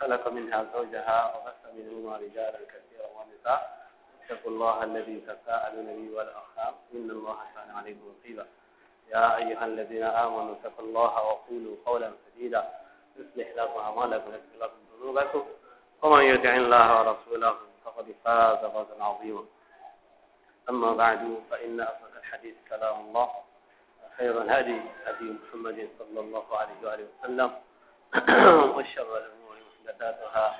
خلق منها زوجها وبث منهما رجالا كثيرا ونساء اتقوا الله الذي تساءلون به والارحام ان الله كان عليكم رقيبا يا ايها الذين امنوا اتقوا الله وقولوا قولا سديدا يصلح لكم اعمالكم ويغفر لكم ذنوبكم ومن يطع الله ورسوله فقد فاز فوزا عظيما اما بعد فان اصدق الحديث كلام الله خير الهدي هدي محمد صلى الله عليه واله وسلم وشر الامور محدثاتها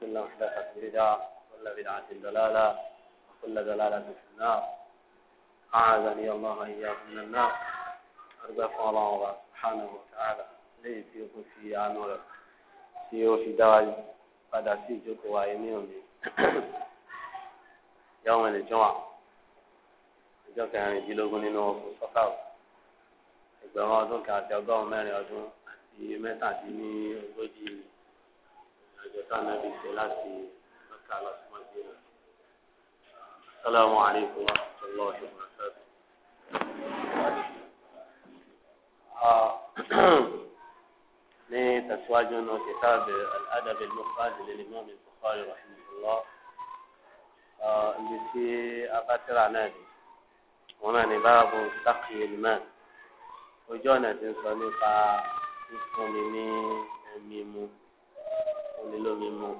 كل محدثة بدعة كل بدعة دلالة وكل دلالة في النار أعاذني الله إياكم من النار أرزق الله الله سبحانه وتعالى لي في قصي يا نور في وفي دال بعد سيجوك وعيمين يوم الجمعة جوك يعني جلوغوني نور في الصفاو إذا ما أدوك أتوقع مالي أدوك أتوقع مالي أدوك أتوقع مالي أدوك ìjọta nàbí ṣe láti mẹ́ka lọ sí mọ́tìrì. Assalamu alaikum wa rahmatullahi wa barakatuh. Ah, ní tẹ̀síwájú náà kitab al-adab al-mufrad lil-imam al-bukhari rahimahullah ah, ibi tí abátírà náà dé wọn náà ní báàbò sákì ìlmẹ́ ojú ọ̀nà tí ń sọ nípa fífúnni ní ẹ̀mí mu òní lómi mu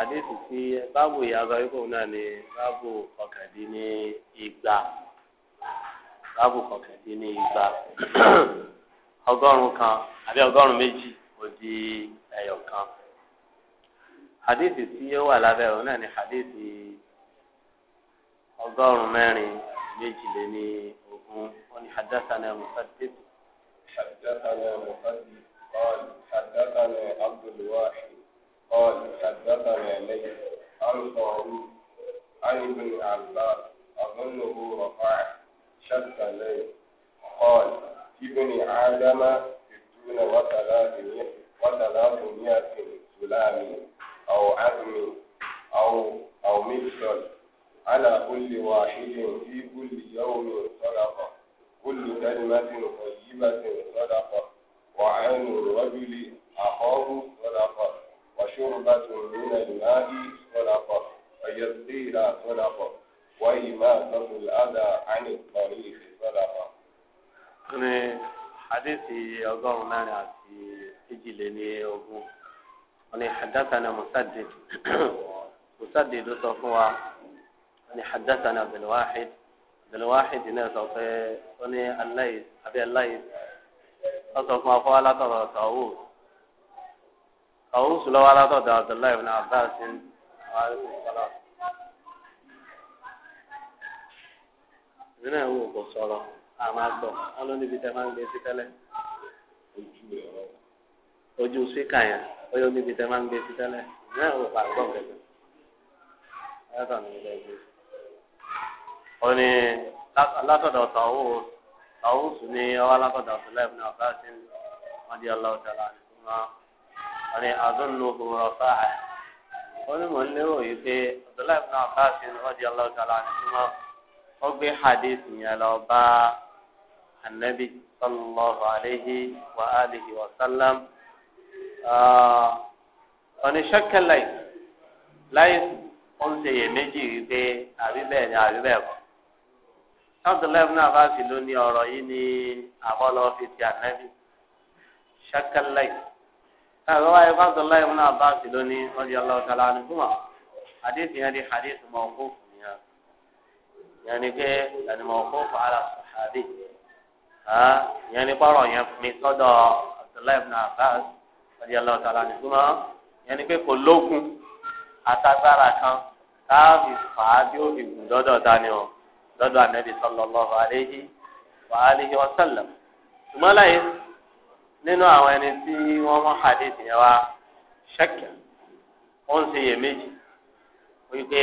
àdéhùn sí báàbò ìyàgò ikú náà ni báàbò ọ̀kàndínní igba báàbò ọ̀kàndínní igba ọgọ́rùn kan àbí ọgọ́rùn méjì ó di ẹyọ kan hadithi tí ó wà lábẹ́ ọ̀hún náà ni hadithi ọgọ́rùn-ún mẹ́rin méjìléní ogún ó ní hadathana musaddid. hadathana musaddid. حدثنا عبد الواحد قال حدثنا ليث عن طاووس عن ابن عباس أظنه رفع شد ليث قال ابن آدم ستون وثلاثمائة وثلاثمائة سلام أو عزم أو أو مثل على كل واحد في كل يوم صدقة كل كلمة طيبة صدقة وعين الرجل أخاه صدقة وشربة من الماء صدقة ويسقيها صدقة وإماتة الأذى عن الطريق صدقة حديثي أظن أنا في إجلني أبو أنا حدثنا مسدد مسدد صفوة أنا حدثنا عبد الواحد عبد الواحد هنا صفي أنا الليث أبي الليث أصف ما فعل ترى طاووس أو wusu على ضد عبد الله بن عباس وعليكم السلام nínú ẹ̀wọ̀n kò sọ̀rọ̀ àmà gbọ̀ wọn ló níbi tẹ máa ń gbé sí tẹ́lẹ̀ ojú síkà yẹn ó yọ níbi tẹ máa ń gbé sí tẹ́lẹ̀ nínú ẹ̀wọ̀n kò àgbọ̀ kẹ̀kẹ́ ẹ̀rọ ní ilé ẹgbẹ́ ó ní ọ̀rẹ́ azọ́lùhù rọ̀fà ẹ̀ wọ́n ní mò ń lérò yìí pé abdullahi ibn abbas rọ́jì aláwọ̀dàlá àdìsúmọ́ wọ́n gbé hadith yẹn lọ bá anabi sallallahu alayhi wa alihi wa sallam ọ̀nì ṣọ́kẹ́lẹ̀ láyé ó ń ṣe iyèméjì yìí pé àbí bẹ́ẹ̀ ni àbí bẹ́ẹ̀ kọ́ abdullahi ibn abbas ló ní ọ̀rọ̀ yìí ní àbọ̀lọ́ fi ti anabi ṣọ́kẹ́lẹ̀ káàkiri wáyé fásitì ibn Abbas lónìí radiyallahu ta'ala anhuma àdéhùn yẹn di àdéhùn mawquf nìyẹn yẹn ni pé ẹni mawquf ala sahabi yẹn ni kọ́rọ̀ yẹn mi sọ́dọ̀ Abdullahi ibn Abbas radiyallahu ta'ala anhuma yẹn ni pé kò lókun atagbára kan káàbì fàábí ó gùn dọ́dọ̀ dání o dọ́dọ̀ Ànábì sallallahu nínú àwọn ẹni tí wọ́n mọ̀ hadith yẹn wá ṣẹ́kẹ̀ ó ń ṣe iyèméjì wípé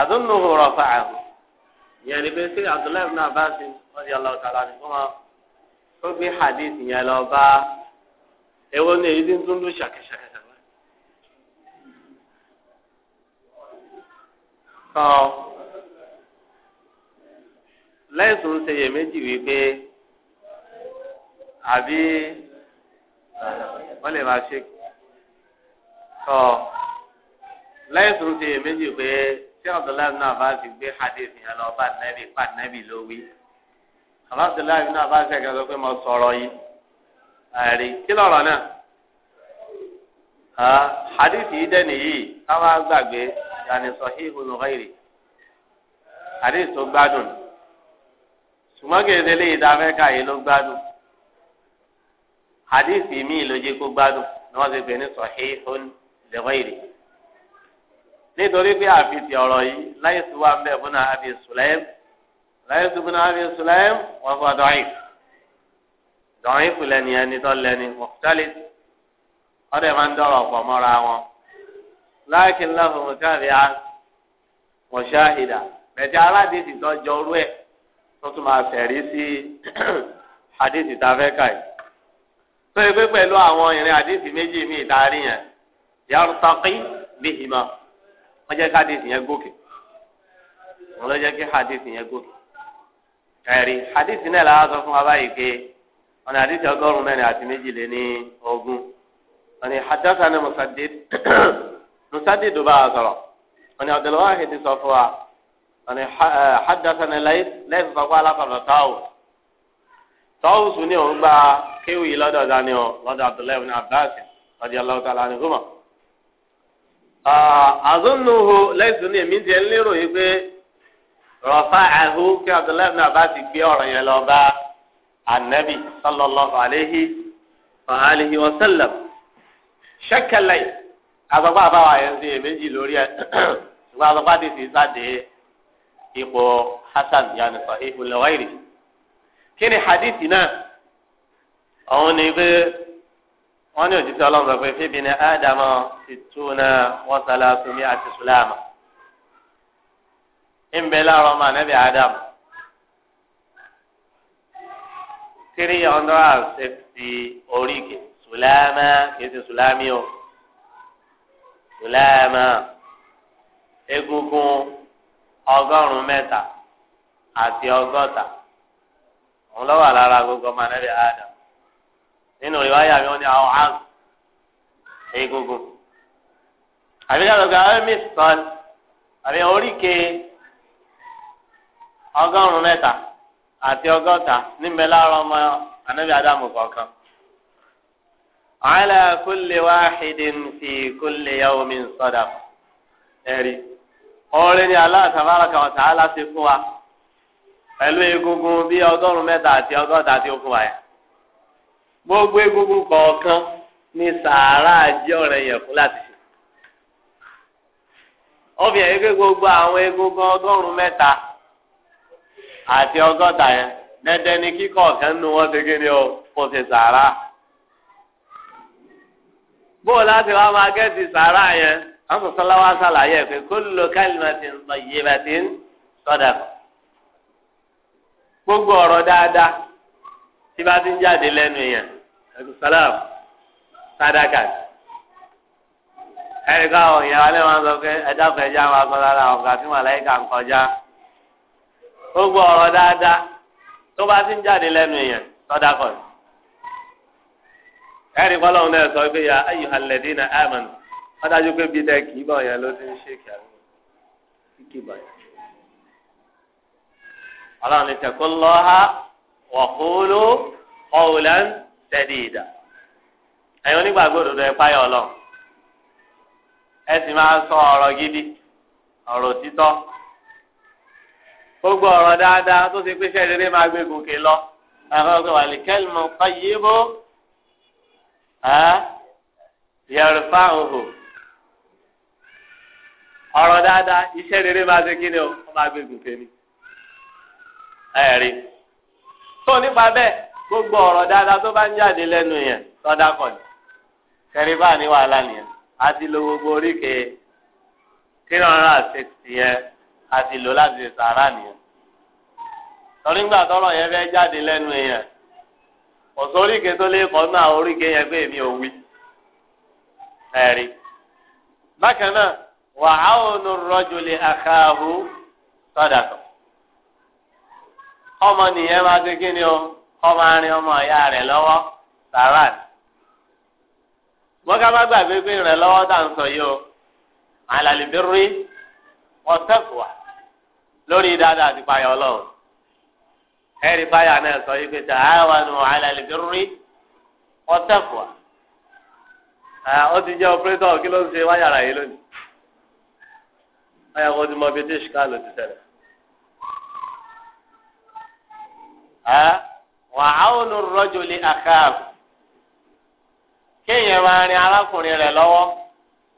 àdúnnù rọ̀fà àhùn yẹn ni pé sí Abdullahi ibn Abbas ọ̀dí ọlọ́ọ̀tàlá ni fún wọn ó gbé hadith yẹn lọ bá ewo ní èyí tí ń dúndú ṣàkẹ́ṣàkẹ́ ṣàkẹ́. sọ lẹ́sùn ṣe iyèméjì wípé àbí wọ́n lè máa ṣe tọ́ lẹ́yìn tó ń ṣe èméjì pé tí abdullahi ibn abbas gbé hadith yẹn lọ bá nẹ́bí pa nẹ́bí ló wí abdullahi ibn abbas ẹ̀ka sọ pé mo sọ̀rọ̀ yìí àrí kí lọ̀rọ̀ náà hadith yìí dẹ́ni yìí káwá gbàgbé yàní sahihun ghairi hadith tó gbádùn ṣùgbọ́n kì í ṣe hadithi míì ló jẹ́ kó gbádùn ni wọ́n ti pè ní sahihun li ghairi nítorí pé àfitì ọ̀rọ̀ yìí láyé tó wà ń bẹ̀ fún Abi Sulaym láyé tó fún Abi Sulaym wọ́n fọ́ dọ́yìn dọ́yìn fún lẹ́ni ẹni tó lẹ́ni mọ̀tálí wọ́n máa ń dọ̀rọ̀ pọ̀ mọ́ra wọn láàkín láfọ̀ mọ̀tálí á mọ̀ṣáhìdà bẹ̀tẹ̀ aládìsí tó jọ orú ẹ̀ tó tún máa tẹ̀rí sí hadith tá a fẹ́ kà yìí tó yẹ pé pẹ̀lú àwọn ìrìn àdéhìí méjì mi ìdarí yẹn yarutaki bí ìmọ̀ wọ́n jẹ́ kádìsì yẹn gòkè wọ́n lọ jẹ́ kí hadìsì yẹn gòkè ẹ̀rí hadìsì náà la sọ fún wa báyìí pé wọ́n ní hadìsì ọgọ́rùn-ún mẹ́rin àti méjì lé ní ogún wọ́n ní hadjata ní musadid bá a sọ̀rọ̀ wọ́n ní abdulwahid sọ fún wa wọ́n ní eh, hadjata ní layis sọ fún alákọ̀ọ́ tọ́wùsù ni òun gba kéwì lọ́dọ̀ dání o lọ́dọ̀ abdullahi ibn abbas radiyallahu ta'ala anhuma. àzúnnuhu lẹ́sùn ní èmi tiẹ̀ ń lérò yìí pé rọ̀fà àhú kí abdullahi ibn abbas gbé ọ̀rọ̀ yẹn lọ bá anabi sallallahu alayhi wa alihi wa sallam. ṣẹ́kẹ̀lẹ̀ àgbàgbà àbáwá yẹn ti èméjì lórí ẹ̀ ṣùgbọ́n àgbàgbà ti sì sáde ipò hasan yanni sọ ihun lẹ́wọ́ ìrìn. kí hadithi náà ni pé wọ́n ni òjijì ọlọ́run pé fíbi ni ádámọ̀ ìtúná wọ́n sálá sunmi àti sùlámà ń bẹ láàárọ̀ ọmọ ádámù three hundred and sixty oríkì sùlámà kìí sùlámì o sùlámà egungun àti òun lọ́wọ́ àlára gbogbo ọmọ anabi adam nínú ìwáyà mi wọ́n ní àwọn àrùn egungun àbí ká lọ́gà hermes sọ́ọ̀n àbí oríkè ọgọ́rùn-ún mẹ́ta àti ọgọ́ta níbẹ̀ lára ọmọ anabi adamu kọ̀ọ̀kan. ala kulli wahidin fi kulli yawmin sadaqa ẹ̀rí ọ̀rẹ́ ni Allah tabaraka wa fún wa. pẹ̀lú egungun bíi ọgọ́rùn-ún mẹ́ta àti ọgọ́ta tí ó fún gbogbo egungun kọ̀ọ̀kan ni sàárà jẹ́ ọ̀rẹ́ yẹn fún láti ṣe. obìnrin yìí gbogbo àwọn egungun ọgọ́rùn mẹ́ta àti ọgọ́ta yẹn dẹ́dẹ́ sàárà. bóò láti wá máa sàárà yẹn àwọn sàlàyé pé gbogbo ọrọ dáadáa tí bá ti ń jáde lẹ́nu yẹn ẹ̀dùsálàm sádàkà ẹ̀rí káwọn ìyàwó alẹ́ máa sọ pé lára ọ̀gá tí màláìka ń kọjá gbogbo ọrọ dáadáa tó bá ti ń jáde lẹ́nu yẹn sọ́dàkọ̀ náà sọ pé ya wọ́n dájú pé yẹn ló ti ń ṣe kí ọlọ́run ní tẹ̀kọ́ lọ́ha wọ̀kúlù ọ̀wùlẹ́n tẹ̀dí ìdá ẹ̀yin onígbàgbọ́ òdodo ẹ̀ páyọ̀ ọlọ́run ẹ sì máa sọ ọ̀rọ̀ gidi ọ̀rọ̀ títọ́ gbogbo ọ̀rọ̀ dáadáa tó ti pèsè rere máa gbé gòkè lọ ẹ̀rọ ọ̀gbìn wà lè kẹ́lìmọ̀ fàyèbó yẹ̀rù fáwọn ọ̀rọ̀ dáadáa iṣẹ́ rere máa ṣe kí ni ó máa gbé gòkè ni. ẹ̀rí tó nípa bẹ́ẹ̀ gbogbo ọ̀rọ̀ dáadáa tó bá ń jáde lẹ́nu yẹn tọ́dá kọ̀ ní kẹrin bá ní wàhálà nìyẹn a ti lo gbogbo three hundred and sixty yẹn a ti lò láti sàárà nìyẹn torí ńgbà tọ́rọ̀ yẹn fẹ́ jáde lẹ́nu yẹn ọ̀sọ́ tó lè ọmọ nìyẹn máa ṣe kí ni o ọmọ arin ọmọ ìyá rẹ̀ lọ́wọ́ sàrà ni mọ́ká bá gbàgbé pé ìrànlọ́wọ́ tá à ń sọ yìí o àlàlìbírí wọ́n tẹ̀kùwà lórí dáadáa àti payà ọlọ́run ẹ̀rí payà náà sọ yìí pé tààwánu àlàlìbírí wọ́n tẹ̀kùwà ó ti jẹ́ ọpẹ́rẹ́tọ̀ kí ló ń ṣe wáyàrá yìí lónìí wáyà kó ti mọ bí tíṣù ká ti ṣẹlẹ̀. wà á rọ́jò lé àkáàbù kéèyàn máa rin arákùnrin rẹ lọ́wọ́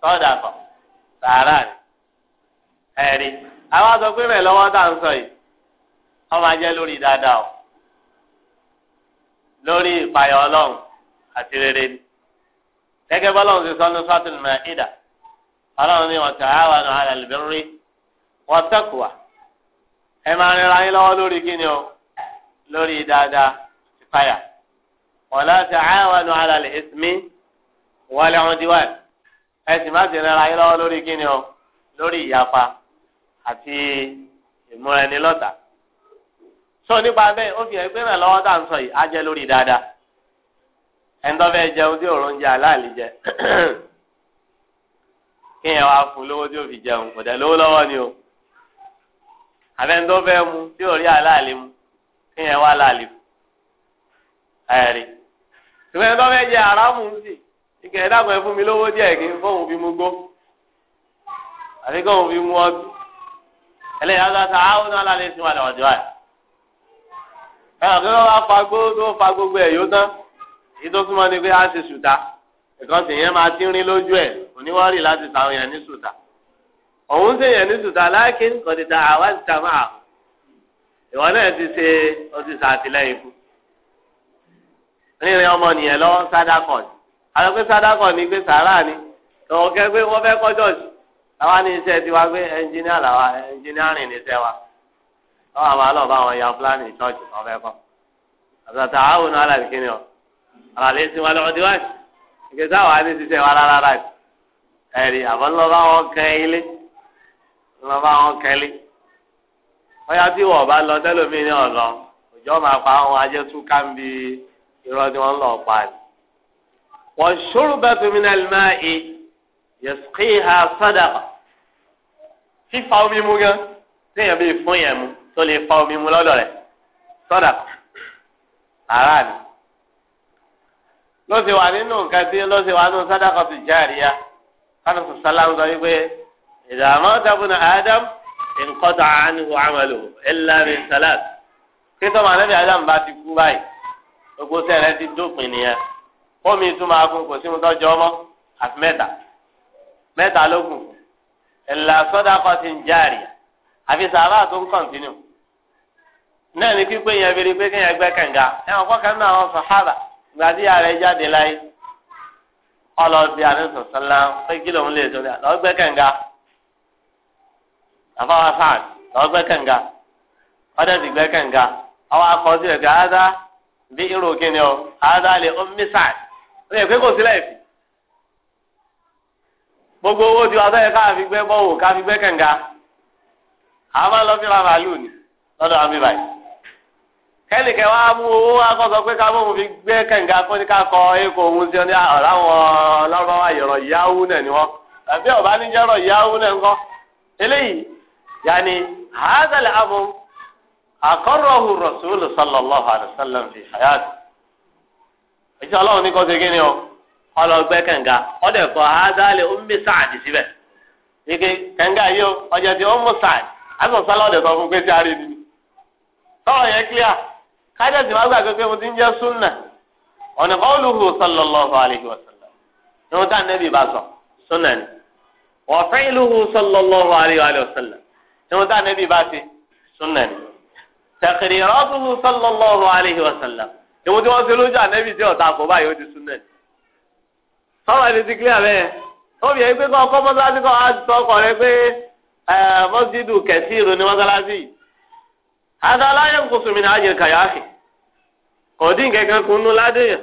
sọ́dà kan sàárà ni ẹ̀rí àwọn àtọ́pẹ́ rẹ̀ lọ́wọ́ tá à ń sọ yìí wọ́n máa jẹ́ lórí dáadáa o lórí ìpayọ̀ ọlọ́run àti rere ni gẹ́gẹ́ bọ́lọ́run ti sọ ní ọlọ́run ní wọ́n tẹ̀kùwà máa rin ara yín lọ́wọ́ lórí o. lórí dáadáa ti fàyà wala ta'awanu ala al-ismi wal-'udwan ẹ sì má sì rẹra yín lọ́wọ́ lórí kíni o lórí ìyapa àti ìmúra ẹni lọ́tà sọ nípa bẹ́ẹ̀ ó fi hàn pé ràn lọ́wọ́ tá à ń sọ yìí á jẹ́ lórí dáadáa ẹnitọ́ jẹun tí òòrùn jẹ aláàlì jẹ kéèyàn wá fún lówó tí ó fi jẹun kò dẹ̀ lówó lọ́wọ́ ni o àbẹ́ntọ́ mu tí ò rí aláàlì mu kéèyàn wá láàlì ẹ̀rí tùmẹ̀ tó fẹ́ jẹ àràmù ń sì ìkẹyẹ dàgbọn fún mi lówó díẹ̀ kí n fóun fi mu gbó àti kóun fi mu ọdún ẹlẹ́yìn àwọn àti àwọn náà lálẹ́ sí wọn lọ́jọ́ ẹ̀ ẹ̀rọ kí wọ́n bá fa gbó tó fa gbogbo ẹ̀ yóò tán èyí tó súnmọ́ ni pé á ti sùtà ẹ̀kan sì yẹn máa ti rin lójú ẹ̀ oníwọ́rì láti sàwọn yẹn ní sùtà òun sì yẹn ní sùtà láàkín kọ̀dìtà àwa ti ta máa kù ìwọ náà ti ṣe ó ti ṣàtìlẹ́yìn fún rírìn ọmọ nìyẹn lọ sádàkọ ni àwọn pé sádàkọ ni pé sàárà ni tọwọ kẹ pé wọn fẹ́ kọjọ sí àwa ní iṣẹ́ tiwa pé ẹnjìníà làwa ẹnjìníàrìn ní iṣẹ́ wa lọ́wọ́ àwọn àlọ́ bá wọn ya fúlàní ṣọ́ọ̀ṣì kan fẹ́ kọ́ àtàtà àwọn aláàbí kí ni ọ àlàlẹ́ sí wọn lọ́wọ́ díwájú ìgbésẹ̀ àwọn àní ti ṣe wa rárá rárá ẹ̀rí àbọ̀ ńlọ bá wọn kẹ́ ilé ńlọ bá wọn kẹ́ ilé ọyá tí wọn bá lọ tẹlómìn ní ọlọ òjò máa pa àwọn ajẹtú káńbí irọ́ tí wọ́n lọ pa ni. wọ́n ṣòro bá tómi náà lè máa e yẹ̀sùkì ha sọ́dàkà fífa omi mu gan téèyàn bí fún yẹn mu tó lè fa omi mu lọ́dọ̀ rẹ̀ sọ́dàkà ara ni. lọ́sẹ̀ wà nínú nǹkan tí lọ́sẹ̀ wà nínú sọ́dàkà tó jáàrí ya kánú sọ́sálà ń sọ wípé ìdààmú ọ̀tàkùn ádámù nkọ́tà àánú àmàlò ẹ̀lámi sàlát kíntọ́ màá lẹ́bi adam bá ti kú báyìí gbogbo sẹ́rẹ̀ ti dópin nìyẹn omi ìtumọ̀ akun kò sí mu tọ́jú ọmọ àti mẹ́ta mẹ́ta ló kù ẹ̀là sọ́dà kan ti ń jáàrì àfi sàrà tó ń kọ̀ǹtínú náà ní pípé yẹn bèrè pé kéèyàn gbẹ́ kànga ẹ̀wọ̀n kọ́kàn náà wọn sàhábà gbàdí ààrẹ jáde láyé ọlọ́ọ̀bí àdéhùn sọ̀sánlá pé kí lòun lè sọ àfáwà sáà lọ́gbẹ́ kànga ọ̀dẹ́sì gbẹ́ kànga àwọn akọsílẹ̀ ti àádá bí irú kíni o àádá lè ó mí sáà ó yẹ pé kò sílẹ̀ ìfì gbogbo owó tí wọ́n fẹ́ ká fi gbẹ́ bọ́wọ́ ká fi gbẹ́ kànga àwọn máa ń lọ fíra màálù ni lọ́dọ̀ àmì báyìí kẹ́nìkẹ́ wa mú owó akọ́sọ pé ká bóun fi gbé kànga kó ní ká kọ eéko òun sí ọ́nà ọ̀làwọn ọlọ́rọ̀ ayọ̀rọ̀ yahoo náà ni wọ́n tàbí ọ̀bá níjẹ́rọ̀ yahoo náà ń kọ́ eléyìí يعني هذا الأمر أقره الرسول صلى الله عليه وسلم في حياته ìjọ ọlọ́run ní kọ́ ṣe kíni o ọlọ́gbẹ́ kànga ọdẹ kọ́ ádálẹ̀ ọmọ sáàdì síbẹ̀ ike kànga yìí o ọjà ti ọmọ sáàdì asọ̀sálà ọdẹ sọ fún pé tí a rí ni sọ̀rọ̀ yẹn clear kájọ̀sì wá gbàgbé pé mo ti ń jẹ́ súnà ọ̀nà qawluhu sallallahu alayhi wa sallam ní wọ́n tá nẹ́bí bá sọ súnà ni wa fi'luhu sallallahu alayhi wa sallam ìwọ̀n tá ànábì bá ti súnà ni. tẹ̀kìrì rọ́bùhù sallallahu alayhi wa sallam ìwọ̀n tí wọ́n ti lójú ànábì tí ọ̀tá kò báyìí ó ti súnà ni. sọ́wọ́ ẹni ti kílíà bẹ́ẹ̀ tóbi yẹn pé kọ́ mọ́sálásí kọ́ á sọ ọkọ̀ rẹ pé mọ́sídù kẹ̀sí ìrò ní mọ́sálásí yìí. ada aláyẹ̀ ń kóso mi ní ayé kàyáfì kò dín kẹ̀kẹ́ kún nú ládéyàn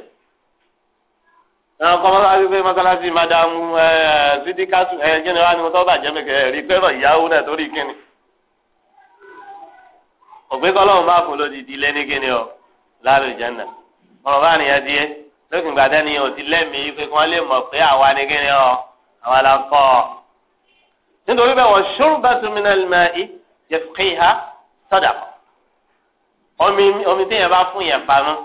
kọ́mọ́ bá wípé mọ́sálásí madamu ẹ̀ ẹ̀ jẹ́nìwá ni mo tọ́ bàjẹ́ mi kẹ́ rí pẹ́rọ ìyàwó náà torí kíni ògbé kọlọ́wọ́ bá fún lódìdí lẹ́nìkíni ọ lálẹ́ ìjánà ọ̀rọ̀ bá nìyẹn díẹ̀ lókùn gbàdá ni òtí lẹ́mìí pé kí wọ́n lè mọ̀ pé àwa ni kíni ọ àwa la kọ́ ọ. nítorí bẹ́ẹ̀ wọ́n ṣurbatu minal ma'i yafqiha sadaqa omi tí yẹn bá fún yẹn pamọ́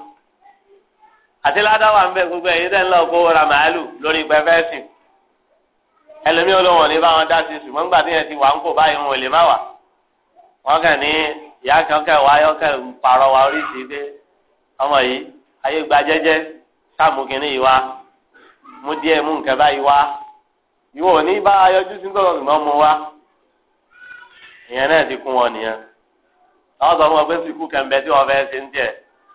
àti ládàwà ń bẹ gbogbo ẹ̀yìn tẹ́ ń lọ kó ra màálù lórí gbẹfẹ́sìn ẹlòmíì olóhùn ní báwọn dá sí ṣùgbọ́n gbàdúyẹn ti wà ń kó báyìí wọn ò lè má wà wọ́n kàn ní ìyá kan kẹ wá yọ kẹ ń parọ́ wa oríṣi pé ọmọ yìí ayé gba jẹ́jẹ́ sáàmù kìnìún yìí wá mú díẹ̀ mú nǹkan báyìí wá ìwọ ò ní bá ayọjú sí gbọdọ ṣùgbọ́n mu wá ìyẹn náà ti kún wọn nìyẹn àwọn sọ fún ọ pé sìkú kẹmbẹ tí wọn fẹẹ ṣe ń tiẹ̀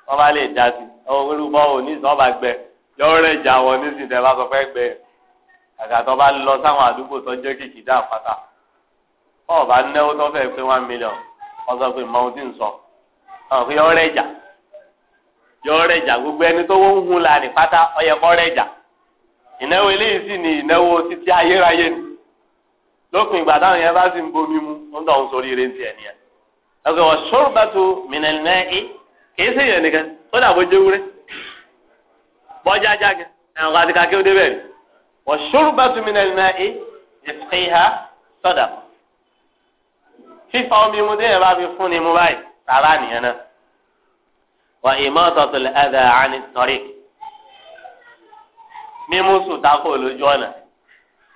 wọn bá lè dá sí ọwọ́ olùbọ òní ìsọba gbẹ yọọ rẹ jà wọn nísìnyí tẹ bá sọ fẹ gbẹ àgàtọ bá lọ sáwọn àdúgbò tó jẹ kìkì dá àpáta ọba náwó tó fẹẹ pé one million wọ́n sọ pé màá ti ń sọ àwọn pé ọ̀rẹ́ ìjà yọ̀ọ̀rẹ́ ìjà gbogbo ẹni tó wọ́n ń hun la ní pátá ọ̀yẹ̀ kọ́rẹ́ ìjà ìnáwó eléyìí sì ni ìnáwó títí ayérayé ni lópin ìgbà táwọn yẹn bá sì ń bomi mu ń dọ̀ ń sórí eré ti ẹ̀ nìyẹn. ọ̀gbìn wọ́n sọ̀rọ̀ bá tu mìnàlẹ́ ẹ̀ kìí sí ìyẹn nìkan ó dàbọ̀ jẹ́wúrẹ́ bọ́jà jáde ẹ̀rọ àti kakẹ́ ó débẹ̀ rí wọ́n sọ̀rọ̀ bá tu mìnàlẹ́ ẹ̀ ìfẹ́ ha sọ̀dà fífa omi mu déyẹ̀ bá fi fún ni mu báyìí tààrà nìyẹn náà. wà imatatul adha anit tariq mímú sùn dákọ̀ lójú ọ̀nà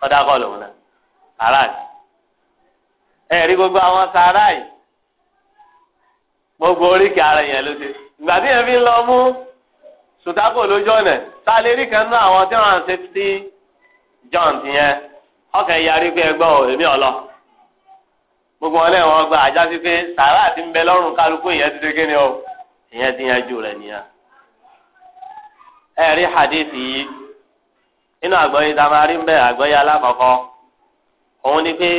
ọ̀dákọ̀ lòun náà tààrà ni. ẹ̀rí gbogbo àwọn tààrà yìí gbogbo oríkì ara yẹn ló ti ìgbà tí yẹn fi ń lọ mú sùn dákọ̀ lójú ọ̀nà tá a lè rí kan náà àwọn tí wọ́n ń ti John yẹn ọkàn yarí pé ẹgbọ́n ò èmi ọ̀lọ́. gbogbo wọn lẹ́yìn gba àjásí pé sàrà àti ń bẹ lọ́rùn kálukú ìyẹn ti dégé ni o ìyẹn ti rẹ nìyà ẹ ẹ̀rí hadith yìí inú àgbọ̀yé damari ń bẹ àgbọ̀yé alákọ̀ọ́kọ́ òun ni pé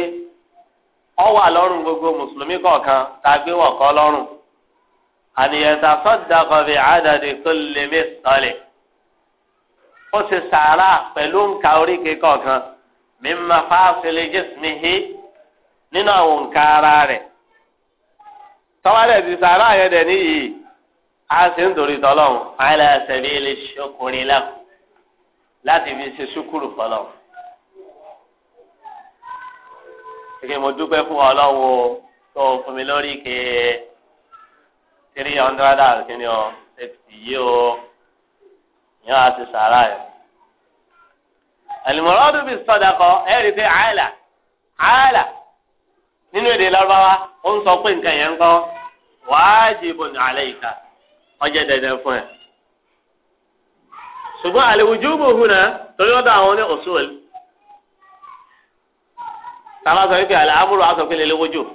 ó wà lọ́rùn gbogbo mùsùlùmí kọ̀ọ̀kan tá a gbé wọ̀ kọ́ lọ́rùn àdàdì tó lè mí sọ́lẹ̀ ó ti sàrà pẹ̀lú kọ̀ọ̀kan mímọ́ nínú àwọn nǹkan ara rẹ̀ tọ́wálẹ̀ ti sàrà yẹn dẹ̀ níyì á sì ń torí tọ́lọ́hún àìlẹ́ ẹsẹ̀ ní ilé ṣokùnrin lẹ́kọ̀ọ́ láti fi ṣe ṣúkúrù fọlọ́ kìkì mo dúpẹ́ fún ọlọ́run o tó o fún mi lórí ke three hundred and kìíní o fifty yìí o ìyẹn á ti sàrà yẹn ẹlòmọ́rọ́dún bíi sọ́dà kọ́ ẹ̀rí pé àìlà àìlà. nínú èdè lárúbáwá ó ń sọ pé nǹkan yẹn ń kọ́ alẹ́ alayka ọjọ́ dandan fún ẹ. ṣùgbọ́n al-wujubu huna torí wọ́n dá àwọn ní usul tàbá sọ wípé al-amru aṣọ pé lè wujub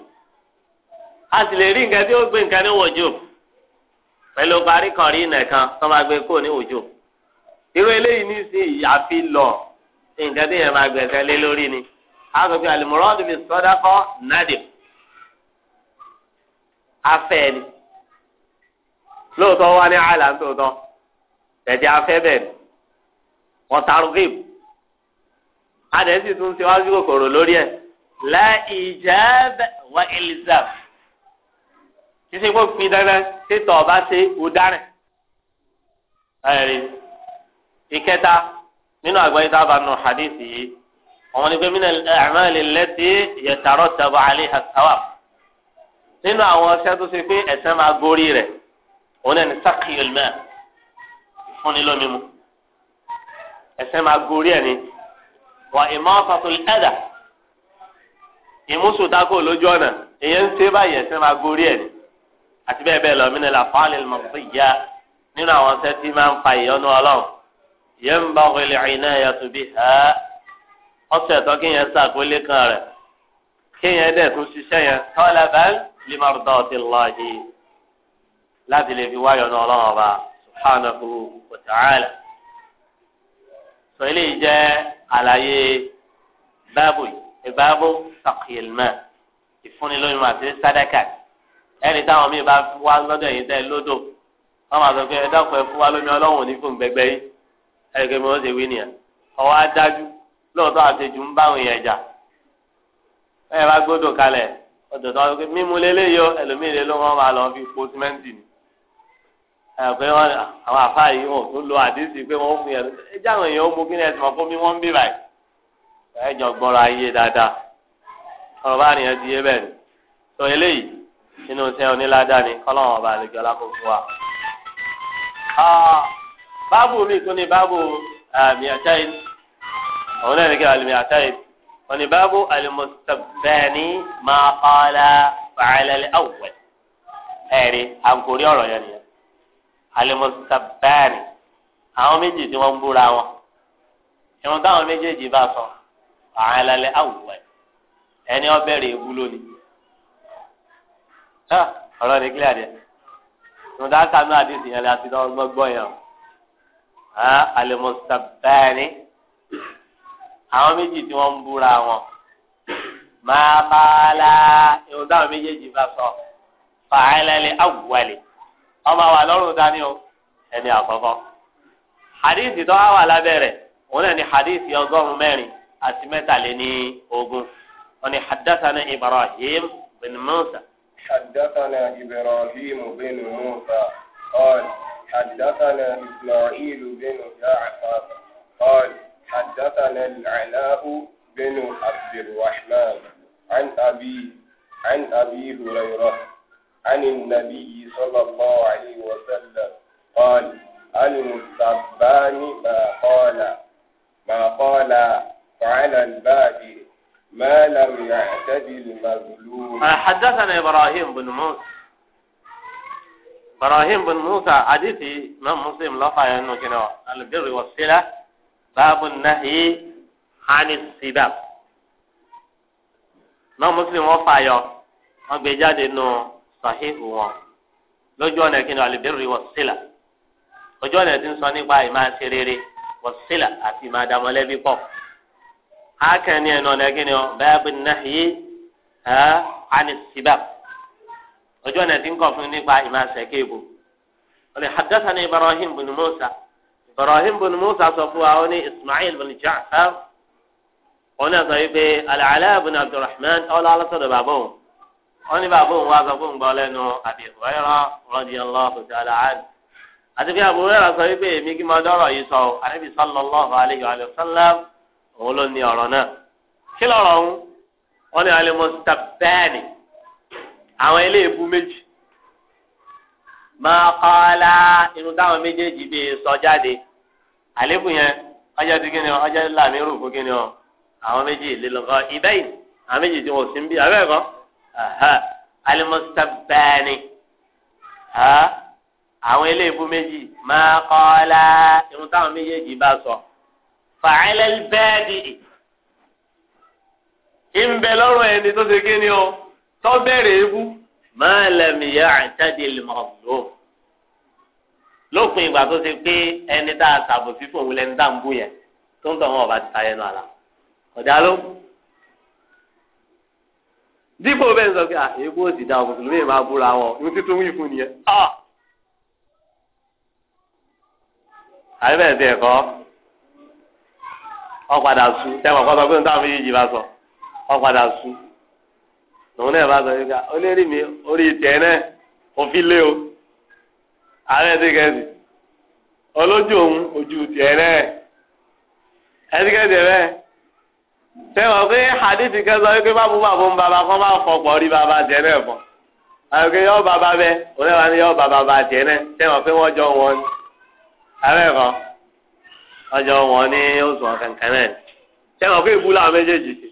a sì lè rí nǹkan tí ó gbé nǹkan pẹ̀lú parí kan rí tó máa lọ nǹkan tí yẹn máa lé lórí ni. azọbi alimọrọdu bi sọdakọ nadim afẹ ni lóòótọ́ wà ní àìlà ńtòótọ́ tẹ̀dí afẹ́ bẹ́ẹ̀ ni wọ́n tarugib adẹ́sí tún ṣe wájú kòkòrò lórí ẹ̀ la ijab wa ilzam títí kó pin dandan títọ̀ ọba ṣe ọ̀daràn ẹ̀rí ìkẹta nínú àgbáyé dábàá nù hadith yìí àwọn nípa mina àmàlè lẹ́tí yẹtàrọ́ tàbá alẹ́ àtàwà nínú àwọn ọṣẹ tó ṣe pé ẹ̀sẹ̀ máa gorí rẹ̀ òun náà ní sákì olùmọ̀ ìfúnni lómi mu ẹ̀sẹ̀ máa gorí ẹ̀ ni wà ìmọ̀ ọ̀fàtò ẹ̀dà ìmúṣùdákò lójú ọ̀nà ìyẹn ń ṣe báyìí ẹ̀sẹ̀ máa gorí ẹ̀ ni àti bẹ́ẹ̀ bẹ́ẹ̀ lọ mina làfáàlì mọ̀tìyà nínú àwọn ọ̀sẹ̀ tó kéèyàn sàkólé kan rẹ̀ kéèyàn dẹ̀ tún ṣiṣẹ́ yẹn tọ́lá bẹ́ẹ̀ limarudọ́ ti lọ yìí láti lè fi wáyọ̀ náà ọlọ́run ọba subhanahu wa ta'ala. sọ eléyìí jẹ́ àlàyé báàbò ìbáàbò sàkìlmà ìfúnnilóyún àti sádàkà ẹni táwọn míì bá wá lọ́dọ̀ yìí tẹ́ lódò wọ́n máa sọ pé ẹ dákun ẹ fún wa lómi ọlọ́run ní fún gbẹgbẹ́ yìí ẹ̀ kí wọ́n ṣe wí nìyẹn ọwọ́ á lóòótọ́ àṣejù ń bá àwọn èèyàn jà ẹ bá gbọ́dọ̀ kalẹ̀ ọ̀dọ̀ tó wá pé mímú lélẹ́yọ ẹlòmíì lé ló wọ́n máa lọ fi po símẹ́ǹtì ni ẹ pé wọn àwọn àfáà yìí wọn ò tún lo àdísì pé wọn ó mú yẹn ẹ jẹ́ àwọn èèyàn ó mú kí ni ẹ̀sìn ọ̀fọ́ mi wọ́n ń bì báyìí ẹ jọ gbọ́ra ayé dáadáa ọ̀rọ̀ bá nìyẹn ti yé bẹ́ẹ̀ ni tó eléyìí nínú iṣẹ́ oníládàá ni kọ́lọ́wọ́n ọba àlejò alákòókò wa. Ah, báàbù mi tún ni báàbù àmì ẹ̀ṣẹ́ àwọn náà ní kí alimi àtàyè wọn ni báàbò alimusabani máa kọ́lá fàálẹ́lẹ́ awùwẹ̀ ẹ̀rí àǹkórí ọ̀rọ̀ yẹn nìyẹn alimusabani àwọn méjì tí wọ́n ń búra wọn ìwọ̀n táwọn méjèèjì bá sọ fàálẹ́lẹ́ awùwẹ̀ ẹni ọbẹ̀rẹ̀ ewu lónìí ọ̀rọ̀ ní kílíà díẹ̀ ìwọ̀n táwọn kánú àdìsí yẹn lè àti lọ́gbọ́n yẹn alimusabani àwọn méjì tí wọ́n ń búra wọn máa bá a la ìhun táwọn méjèèjì bá sọ fàáìlẹ́lẹ́ àwùwalẹ̀ ọmọ wa lọ́rùn dání o ẹni àkọ́kọ́ hadithi tó wà lábẹ́rẹ̀ òun náà ni hadithi ọgọ́rùn-ún mẹ́rin àti mẹ́tàléní ogún wọn ni hadathana ibrahim bin musa. hadathana ibrahim bin musa qala hadathana ismail bin ja'far qala. حدثنا العلاء بن عبد الرحمن عن أبي عن أبي هريرة عن النبي صلى الله عليه وسلم قال المستبان ما قال ما قال على البادئ ما لم يعتدي المظلوم آه، حدثنا إبراهيم بن موسى إبراهيم بن موسى حديثي من مسلم لقى أنه كان البر والصلة báàbù nàhí hàní síbà náà muslim wọn fààyọ wọn gbé jáde nù sàhíhù wọn lójú ọ̀nà kí ni alìbẹ́rù wọ sílà ojú ọ̀nà tí ń sọ nípa ìmá ṣe rere wọ sílà àti ìmá dàmọ́lẹ́bí ọ ولحدثني إبراهيم بن موسى Ibrahim bin Musa sọ fún wa ó ní Ismail bin Ja'far wọn náà sọ wípé Al-Ala bin Abdulrahman ọlọ́ alásọ̀dọ̀ bàbá òun wọn ní bàbá òun wá sọ fún gbọ́ lẹ́nu Abi Hurairah radiyallahu ta'ala anhu àti bí Abu Hurairah sọ wípé èmi kí máa dọ́rọ̀ yìí sọ ọ́ Ànábì sallallahu alayhi wa sallam òun ló ní ọ̀rọ̀ náà kí lọ́rọ̀ òun wọn ní al àwọn ilé ìbú méjì máa kọ́ ọ́ la irun táwọn méjèèjì bíi sọ jáde àlékún yẹn ọjọ́ ti kí ni ọ ọjọ́ làmì rò fún kí ni ọ àwọn méjì lílọ́kọ́ ìbẹ́yìn àwọn méjì tí wọ́n sì ń bí abẹ́ ẹ̀kọ́ alimusabani àwọn eléèbú méjì máa kọ́lá irun táwọn méjèèjì bá sọ fàáìlẹ́ bẹ́ẹ̀dì ìmbẹ lọ́rùn ẹni tó ṣe kí ni tọ́ bẹ̀rẹ̀ ebú máa lẹ̀mìyà àtàdé lè mọ̀ ọ́ lópin ìgbà tó ṣe pé ẹni tá a ṣàbò sí fún òun lẹni tá à ń bú yẹn tó ń tọ̀ wọn ọba ti ta ẹnu àlà ọ̀dà ló dípò bẹ́ẹ̀ ń sọ pé èébú ò sì da mùsùlùmí máa búra wọn ohun tí tó ń wí fún nìyẹn. àyẹ̀bẹ̀ ti ẹ̀kọ́ ọ̀padà su tẹ́wọ̀n kọ́ sọ pé nítorí àwọn yìí bá sọ ọ̀padà su òun náà bá sọ yìí ká olórí mi orí ìtẹ́ náà òfin lé o ààrẹ ẹ̀dẹ́gẹ̀ẹ́sì ọlójú òun ojú tiẹ̀ rẹ̀ ẹ̀dẹ́gẹ̀ẹ́sì rẹ̀ sẹ́wọ̀n pé hadithi kan sọ pé bábú bàbá ń bàbá kan bá fọpọ̀ rí bàbá tiẹ̀ náà fọ́ àwọn pé yọ bàbá bẹ oníwà ni yọ bàbá bá tiẹ̀ náà sẹ́wọ̀n pé wọ́n jọ wọn ni ààrẹ kan wọ́n jọ wọn ní oṣù ọ̀kankan náà sẹ́wọ̀n pé ìbú làwọn méjèèjì ṣe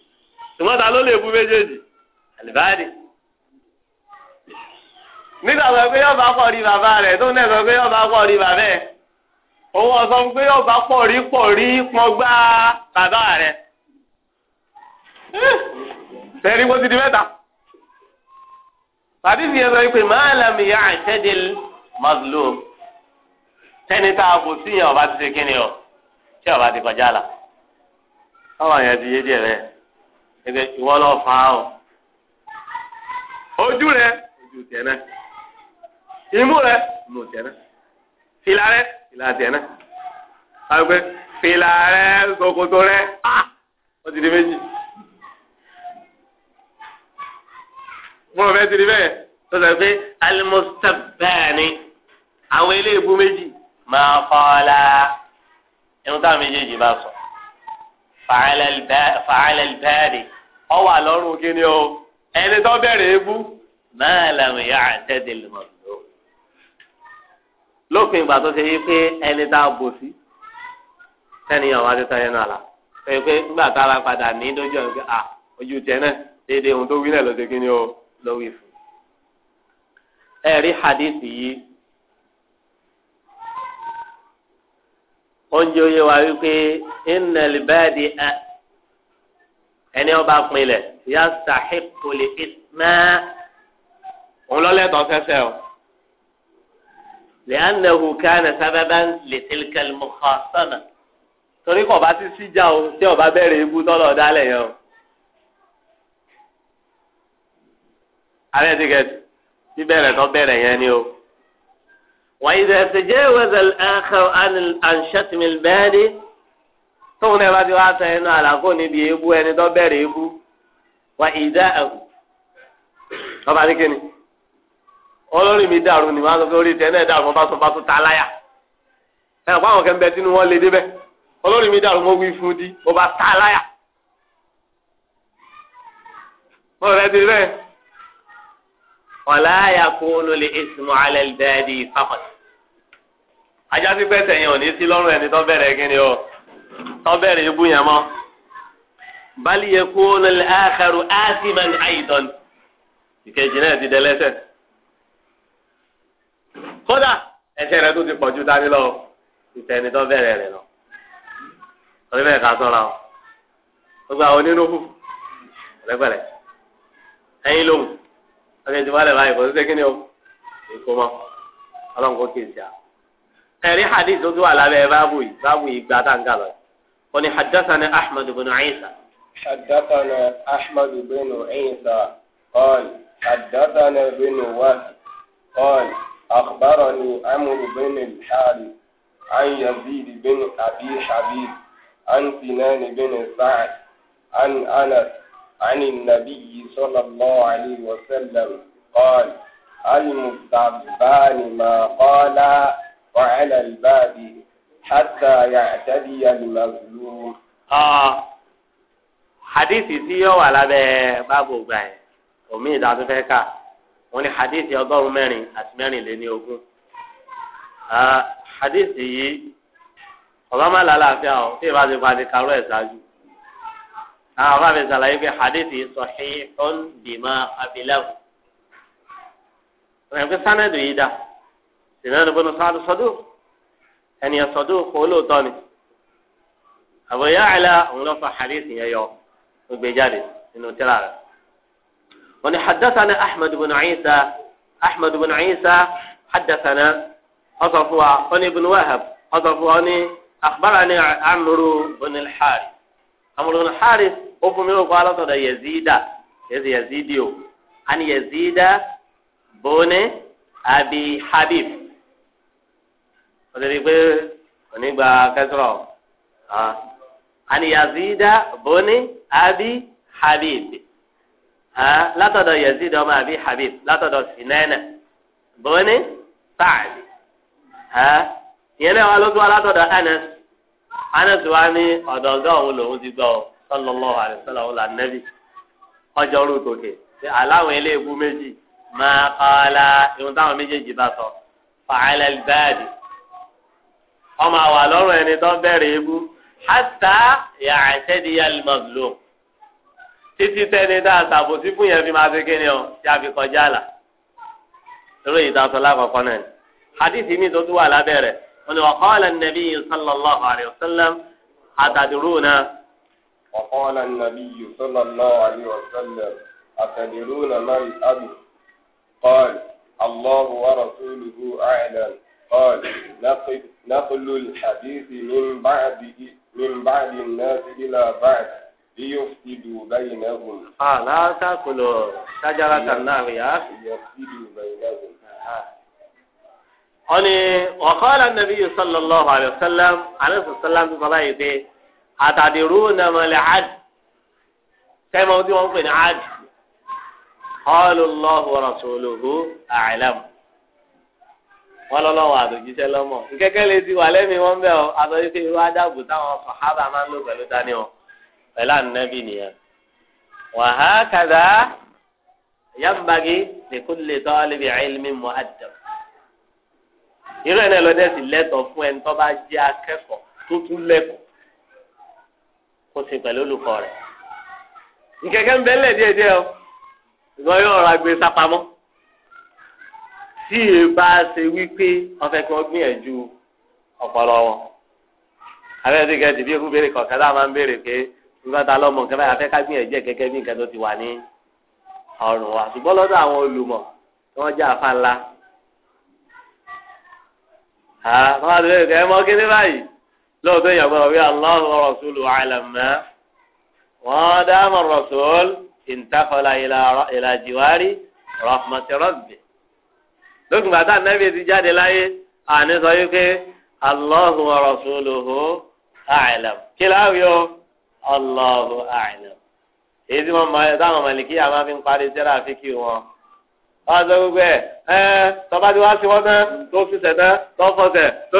ṣùgbọ́n ló lè bú méjèèjì àlìbáàdì. nígbà sọ pé yọba pọ̀ rí bàbá rẹ̀ tó náà sọ pé yọba pọ̀ rí bàbá òun ọ̀sán pé pọ̀ rí pọ̀ rí bàbá rẹ̀ wo ti di mẹ́ta fi ẹ̀rọ ìpè máa làmì yá tá a kò ọba ti ṣe kíni ọba ti kọjá la yẹn ti yé díẹ̀ rẹ̀ ẹgbẹ́ ìwọ́ lọ́ọ́ ojú rẹ̀ ojú tẹ̀ náà. imú rẹ imú tiẹ̀ náà fìlà rẹ fìlà tiẹ̀ náà àgbẹ̀ fìlà rẹ ṣòkòtò rẹ a ó ti di méjì wọn fẹẹ ti di bẹ́ẹ̀ tó sọ pé alimusabani àwọn eléèbú méjì máa kọ́lá irun táwọn méjèèjì bá sọ fàálẹ̀ bẹ́ẹ̀rẹ̀ ọ wà lọ́rùn kí ni o ẹni tó bẹ̀rẹ̀ ebú máa làwọn yà á tẹ́ délé lópin ìgbà tó ṣe yí pé ẹni tá a bò sí sẹ́niyàn náà la pé pé nígbà tá a padà ní lójú ọ̀gá à ojú tiẹ̀ náà déédéé ohun tó wí náà ló ṣe kí ni ó lówì fún. ẹ rí hadith yìí oúnjẹ oyè wa wípé ìnàlì báyìí ẹ ẹni ọba pinlẹ̀ yá sàhíkùlì ìsmá òun o. lẹ́yìnlẹ́hu kánà sábàbá lẹ́tẹ̀lẹ́kẹ́lẹ́ mọ́kà sọ́nà torí kò bá ti síjà o tí ọba bẹ̀rẹ̀ ibú tọ́lọ̀ dálẹ̀ yẹn o. alẹ́ ti kẹ́ ti bẹ̀rẹ̀ tó bẹ̀rẹ̀ yẹn ni o. wà á yí dẹ̀ ṣe jẹ́ wẹ́sẹ̀ ẹ̀ka àǹṣẹ́tìmí bẹ́ẹ̀ni tóun náà bá ti wá sọ ẹnu àlàkò níbi ebú ẹni tó bẹ̀rẹ̀ ebú wà ìdá ẹ̀kú. ọba ní kíni olórí mi dàrú ni màá sọ pé orí tẹ náà dàrú mo bá sọ bá sọ ta láyà ẹ ọ̀pọ̀ àwọn kẹ́ńbẹ́ tínú wọn lè débẹ̀ olórí mi dàrú mo wí fún di mo bá ta láyà mo rẹ ti rẹ ọ̀la yakunu lè ismu ala al-badi faqat ajá sí pẹ́sẹ̀ yẹn ò sí lọ́rùn ẹni tó bẹ̀rẹ̀ kí ni o tó bẹ̀rẹ̀ ibú yẹn mọ́ bal yakunu al-akharu asiman aydan ìkejì kódà ẹsẹ̀ rẹ tó ti pọ̀jù dání lọ ìtẹ̀ni tó bẹ̀rẹ̀ rẹ̀ lọ. torí bẹ́ẹ̀ ká sọ́ra o gbogbo àwọn onínúkù rẹ́gbẹ̀rẹ̀ ẹ̀yin lóhùn ọ̀sẹ̀ tí wọ́n báyìí kò sí sẹ́kínì o èkó mọ́ ọlọ́run kì í jà. ẹ̀rí hadith tó tún wà lábẹ́ báàbù yìí báàbù yìí gba táǹkà lọ. wọ́n ní haddathana ahmed bin isa. haddathana ahmed bin isa qala haddathana bin wahb qala. أخبرني عمرو بن الحارث عن يزيد بن أبي حبيب عن سنان بن سعد عن أنس عن النبي صلى الله عليه وسلم قال المستعبان ما قال وعلى الباب حتى يعتدي المظلوم آه حديثي سيو على باب باب omi ìdádúfẹ́ wọ́n ní hadith ọgọ́rùn mẹ́rin àti mẹ́rin lé ní ogún hadith yìí ọba má lálàáfíà ọ tí ìbá ti pa ti karú ẹ̀ ṣáájú àwọn afá mi sàlàyé pé hadith yìí sahihun bima abilahu ọ̀nà ìpín sánẹ́dù yìí dá sinadu bọ́nu sáadu sọdú ẹni sọdú kò lóòótọ́ ni Abu Ya'la òun lọ fa hadith yẹn yọ gbogbo jáde nínú tírà rẹ̀. وني حدثنا أحمد بن عيسى أحمد بن عيسى حدثنا أصفوا وني بن وهب أصفوا وني أخبرني عمرو بن الحارث عمرو بن الحارث من قال صدى يزيد يزيديو عن يزيد بن أبي حبيب ọdẹni pé onígbà kẹsìrọ عن Yazida bóni abi حبيب Eh, látọ̀dọ̀ yazid ọmọ abi habib látọ̀dọ̀ sinana bọ́ni sáàdì eh, ìyẹn náà wà lóṣù wa látọ̀dọ̀ anas anas wa ni ọ̀dọ̀ òun lòun ti gbọ́ nẹ́bí ọjọ́ rú tòkè ṣe aláwọn eléegun méjì máa kọ́lá ìhun táwọn méjèèjì bá sọ fàálẹ̀ báàdì ọmọ ẹni tó bẹ̀rẹ̀ hàtà títí tẹ́ni tá a ṣàbòsí fún yẹn fi máa fi kíni o tí a fi kọjá là lórí ìdásọ lákọ̀ọ́kọ́ náà ni hadith mi tó tún wà lábẹ́ rẹ̀ wọn ni wa qala an-nabiy sallallahu alayhi wa sallam atadruna. wa qala an-nabiy sallallahu alayhi wa sallam atadruna man abu qala allahu wa rasuluhu a'lam qala naqlu hadith min ba'di min ba'di an-nas ليفسدوا بينهم اه لا تاكلوا شجرة الناهية ليفسدوا بينهم أني وقال النبي صلى الله عليه وسلم عليه الصلاة والسلام في صلاته أتدرون ما العد كما ودي ممكن عد قالوا الله ورسوله أعلم wọlọlọwọ àdójíṣẹ lọmọ nkẹkẹ lè ti wà lẹmìí wọn bẹ ọ pé irú adágún táwọn sọhábà máa ń lò pẹ̀lú dání ọ pẹ̀lú ànábì nìyẹn wàhá kàdá yambagi lèkúlè tọ́lẹ́bì ẹ̀lmi mu'addab irú ẹ̀ náà lọ́dẹ̀ sì lẹ́tọ̀ fún ẹni tó bá jẹ́ akẹ́kọ̀ọ́ tó tún lẹ́kọ̀ọ́ kó sì pẹ̀lú olùkọ́ rẹ̀ nkẹ́kẹ́ ń bẹ́lẹ̀ díẹ̀díẹ̀ o ìgbọ́n yóò rà gbé sápamọ́ tí e bá ṣe wípé wọ́n fẹ́ kí wọ́n gbìyànjú ọpọlọ abẹ́rẹ́ ti gẹ̀ẹ́dì bí ekú béèrè kọ̀ọ̀kan dáa máa ń béèrè pé nígbà tá a lọ mọ nǹkan báyìí afẹ́ ká gbìyànjú ẹ̀ gẹ́gẹ́ bí nǹkan tó ti wà ní ọrùn wa ṣùgbọ́n lọ́dọ̀ àwọn olùmọ̀ tí wọ́n jẹ́ àfa ńlá. àwọn àti lóye kẹ́ mọ́ kíní báyìí lóòótọ́ èèyàn gbọ́dọ̀ wí Allahu wa rasulu àlàmọ́ wọ́n dáhùn rasul ìntàkọ́lá ìlà jìwárí lókùn bàtà nẹ́bí ti jáde láyé àní sọ yìí pé Allahu wa rasuluhu àlàm kí láwùjọ. Allahu a'lam èyí tí wọn máa táwọn màlìkíyà máa fi ń parí sẹ́ra fíkì wọn. wọ́n sọ gbogbo ẹ̀ ẹ́ tọ́ba tí wọ́n ti wọ́n tán tó fi sẹ̀tẹ́ tó fọsẹ̀ tó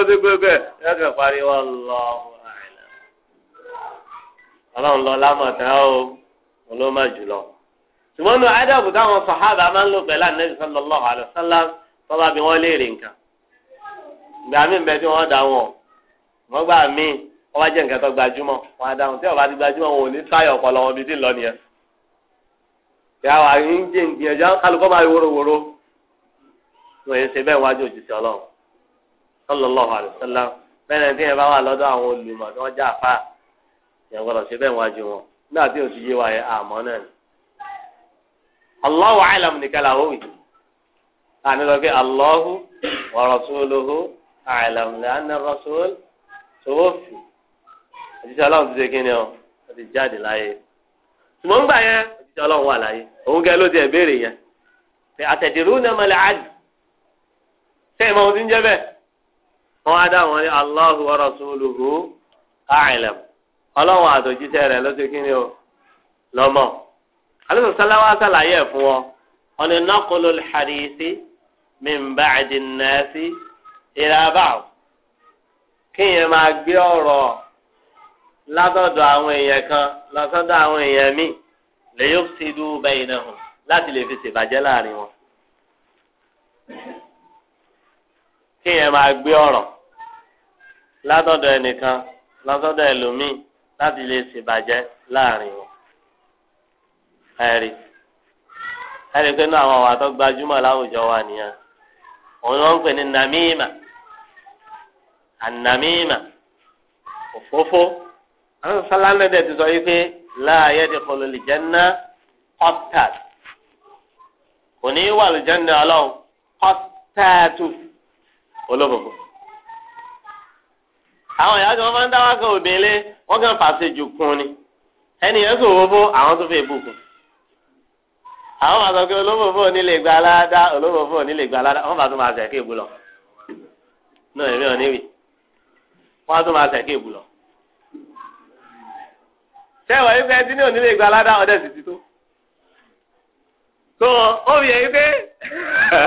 wọ́n bá jẹ́ nǹkan tó gbajúmọ̀ wọ́n á dáhùn tí ọba ti gbajúmọ̀ wọn ò ní sáyọ̀ ọpọlọ wọn bíi dín lọ nìyẹn. ìyá wa yìí ń jẹ ìgbìyànjú kálukọ́ máa wóróworó wọ́n yẹn ṣe bẹ́ẹ̀ wájú òjìṣẹ́ ọlọ́run sallallahu alaihi wasallam bẹ́ẹ̀ ni tí yẹn bá wà lọ́dọ̀ àwọn olùmọ̀ tí wọ́n já àfà Allahu a'lam nìkan làwọn òyìn àní lọ pé Allahu wa rasuluhu a'lam lẹ́yìn rasúlù tó fi. òjijì ọlọ́run ti ṣe kí ni ọ ó ti jáde láyé ṣùgbọ́n gbà yẹn òjijì ọlọ́run wà láyé òun gẹ́ ló ti ẹ̀ béèrè yẹn àtẹ̀dẹ̀rú ní ọmọ àjù ṣé ìmọ̀ ohun ti ń jẹ́ bẹ́ẹ̀ wọ́n á dá wọn ní Allahu wa ọlọ́run àtòjíṣẹ́ rẹ̀ ló kí ni o lọ́mọ alẹ́ máa látọ̀dọ̀ àwọn èèyàn kan lọ́sọ́dọ̀ àwọn èèyàn míì lèyó ti dú bẹ́yìn náà hàn láti lè fi ṣèbàjẹ́ láàrin wọn. kéèyàn máa gbé ọ̀rọ̀ látọ̀dọ̀ ẹnìkan lọ́sọ́dọ̀ ẹlòmíì láti lè ṣèbàjẹ́ láàrin wọn. ẹ̀rí ẹ̀rí pé náà àwọn àwọn àtọ́ gbajúmọ̀ láwùjọ wa nìyẹn òun wọn ń pè ní nàmíìmà ànàmíìmà òfófó àwọn sálánà dẹ̀ ti sọ yìí pé láàyè ti kọlu lìjẹ́nà ọ́tàt kò ní í wà lìjẹ́nà ọlọ́run ọ́tàtù olóbòbò. àwọn ìyá tí wọ́n máa ń dáwọ́ kan òbílé wọ́n kàn fàṣẹ jù kún ni ẹni yẹn kò wọ́pọ̀ àwọn tó fẹ́ bùkún. àwọn màá sọ pé olóbòbò nílé gba aládá olóbòbò nílé gba aládá wọ́n bá máa sẹ̀ kéèbù lọ. náà èmi ò ní wí wọ́n máa sẹ̀ kéèbù lọ. sẹ́wọ̀n yìí fẹ́ẹ́ dín ní onílé ìgbà aládá ọ̀dẹ̀ sì ti tó. tó ó fi èyí pé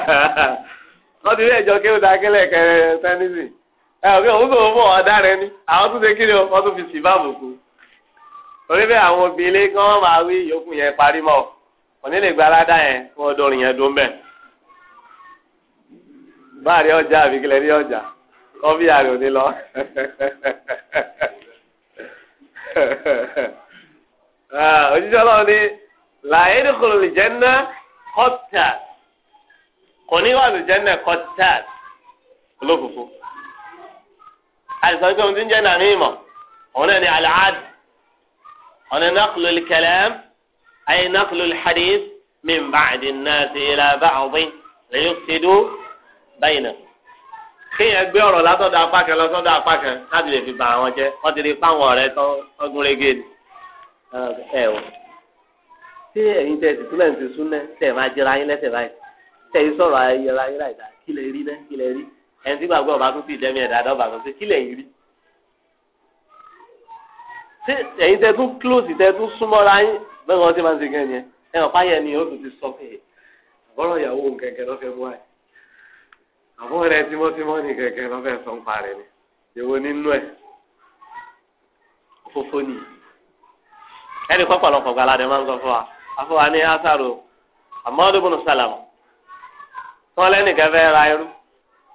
wọ́n ti rí ẹ̀jọ́ kí ó da kẹrẹ ẹ ò kí òun kò mọ̀ ọ̀dá rẹ ni àwọn tún ṣe kíni o wọ́n fi sì bá àwọn kan máa wí yẹn parí mọ́ onílé aládá yẹn yẹn dún bẹ́ẹ̀. báàrí ọjà àbíkílẹ̀ ọjà òjíṣẹ́ ọlọ́run ní làyédè kò lè jẹ́ ná kọ́tàt kò ní wà lè jẹ́ ná kọ́tàt olókùnkùn. àìsàn pé ohun tí ń jẹ́ nàmí ìmọ̀ òun náà ní àlàáàdì ọ̀nà nàkùlù kẹlẹ́m ayé nàkùlù hadith min bàdì náà sí ilà bàdì lèyí ti dú báyìí náà kéèyàn gbé ọ̀rọ̀ látọ̀dọ̀ apá kan lọ apá kan láti lè fi bà àwọn jẹ́ wọ́n ti rí pàwọn ọ̀rẹ́ tó ọgúnrégé ni ẹ o tí ẹ̀yin tẹ ti túlẹ̀ ti sún náà tẹ̀ máa jẹra yín lẹ́sẹ̀ báyìí tẹ̀ yín sọ̀rọ̀ ayẹyẹra yín láì dá kí lè rí náà kí lè rí ẹni tí gbàgbọ́ ọba tó ti dẹ́mi ẹ̀dá dọ́ba tó ṣe kí lè yín rí. tí ẹ̀yin tẹ tún close tẹ tún súnmọ́ra yín bẹ́ẹ̀ wọ́n ti máa ń ṣe kẹ́ni ẹ̀ ẹ̀ ọ̀páyẹ ni ó tún ti sọ pé àbọ̀rọ̀ ìyàwó kẹ̀kẹ́ lọ́fẹ́ mú àyè àbọ̀ rẹ̀ tímọ́tímọ́ ẹni pọpọlọpọ gba aládé máa ń sọ fún wa afọwà ní asaro amadu bunu salam wọn lẹni kẹfẹ ra ẹrú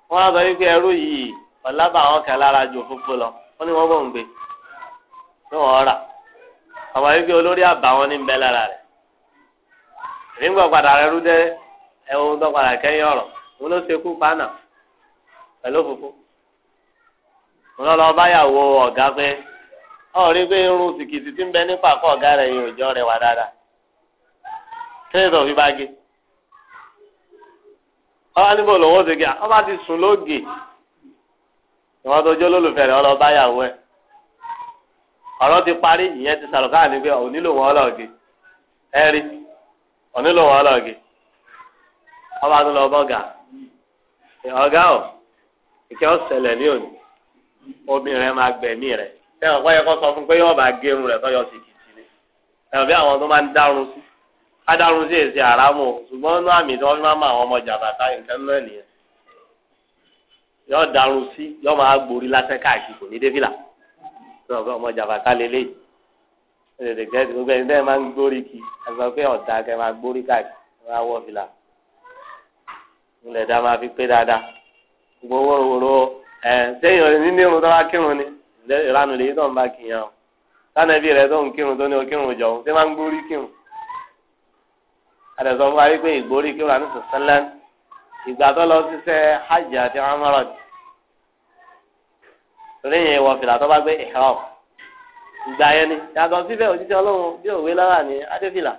wọn á wípé ẹrú yìí ọlábà àwọn kan lára lọ wọn ni wọn bọ ń ní wọn rà àwọn wípé olórí àbá wọn ní rẹ nígbà padà rẹ rú dé ẹwọn tó padà wọn ọ̀rí pé irun sìkìtì ti ń bẹ ní pàkọ́ ọ̀gá rẹ̀ yìí òjọ́ rẹ̀ wà dáadáa tírèdọ̀ fi bá gé ọba níbo lòun ó ti gé ọba ti sùn lóògè ìwọ́n tó jó lólùfẹ́ rẹ̀ ọlọ́ báyàwó ẹ̀ ọ̀rọ̀ ti parí ìyẹn ti wọn ọlọ́ọ̀gẹ̀ ọba tó lọ bọ́gà ọ̀gá ìkẹ́ ọ̀sẹ̀lẹ̀ ní òní obìnrin máa ẹ ọ̀pọ̀ yẹ kó sọ fún pé yóò bá gérun rẹ̀ tọ́yọ̀ sí kìtì ni ẹ ọ̀bí àwọn tó máa ń dárun sí adarun sí èsì àràmù ṣùgbọ́n inú àmì tí wọ́n fi máa ń mọ àwọn ọmọ jàbàtà nǹkan náà nìyẹn yóò darun sí yóò máa gborí lásán káàkiri kò ní débìlà ọmọ jàbàtà lélẹ́yìí ẹ̀ẹ́dẹ̀ gẹ́gẹ́ gbogbo ẹni bẹ́ẹ̀ máa ń gbórí kí ìranù lè tó ń bá kìyàn o sanabi rẹ tó ń kírun tó ní okírun jọ ṣé máa ń gbórí kírun àtẹ̀sọ́ fún wa wípé ìgbórí kírun àti sọ̀sẹ́lẹ̀ ìgbà tó lọ ṣiṣẹ́ hajj àti amarad torí yẹn wọ fìlà tó bá gbé ihram ìgbà yẹn ni yàtọ̀ síbẹ̀ òjíṣẹ́ ọlọ́run bí òwe lára ní adébìlà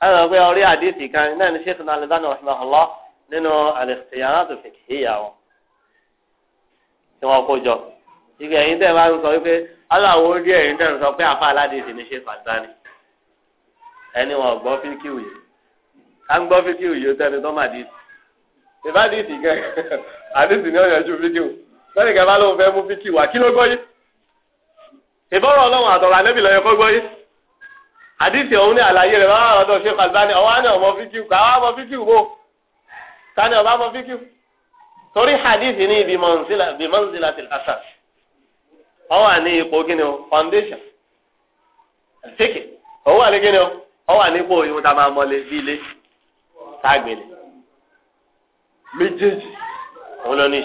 káyọ̀ pé orí àdìsí kan náà ní ṣètò náà lẹ́dánù rahimahullah nínú al-ikhtiyarat al-fiqhiyya wọn tí wọ́n kó jọ ìgbà yìí tẹ̀ máa ń sọ wípé aláwo ó díẹ̀ yìí tẹ̀ ń sọ pé àfa aládìsí ni ṣe fàtánì ẹni wọn gbọ́ fíkìwì ká ń gbọ́ fíkìwì yóò tẹ́ni tó máa dìsí ìbádìsí gan àdìsí ni ó yànjú fíkìwì lọ́nà ìgbà bá lóun fẹ́ mú fíkìwì wá ló gbọ́ ìbọ̀rọ̀ ọlọ́run àtọ̀rọ̀ àlẹ́bí lọ́yẹ kó gbọ́ yìí ọ̀hún ní àlàyé rẹ̀ báwọn ọ̀dọ̀ ṣe fàlùbáni ọ ní ipò o foundation tíkì ọwà ní o ọ ní ipò ìhun a máa mọlé bí ilé tágbélé méjèèjì òun ló ní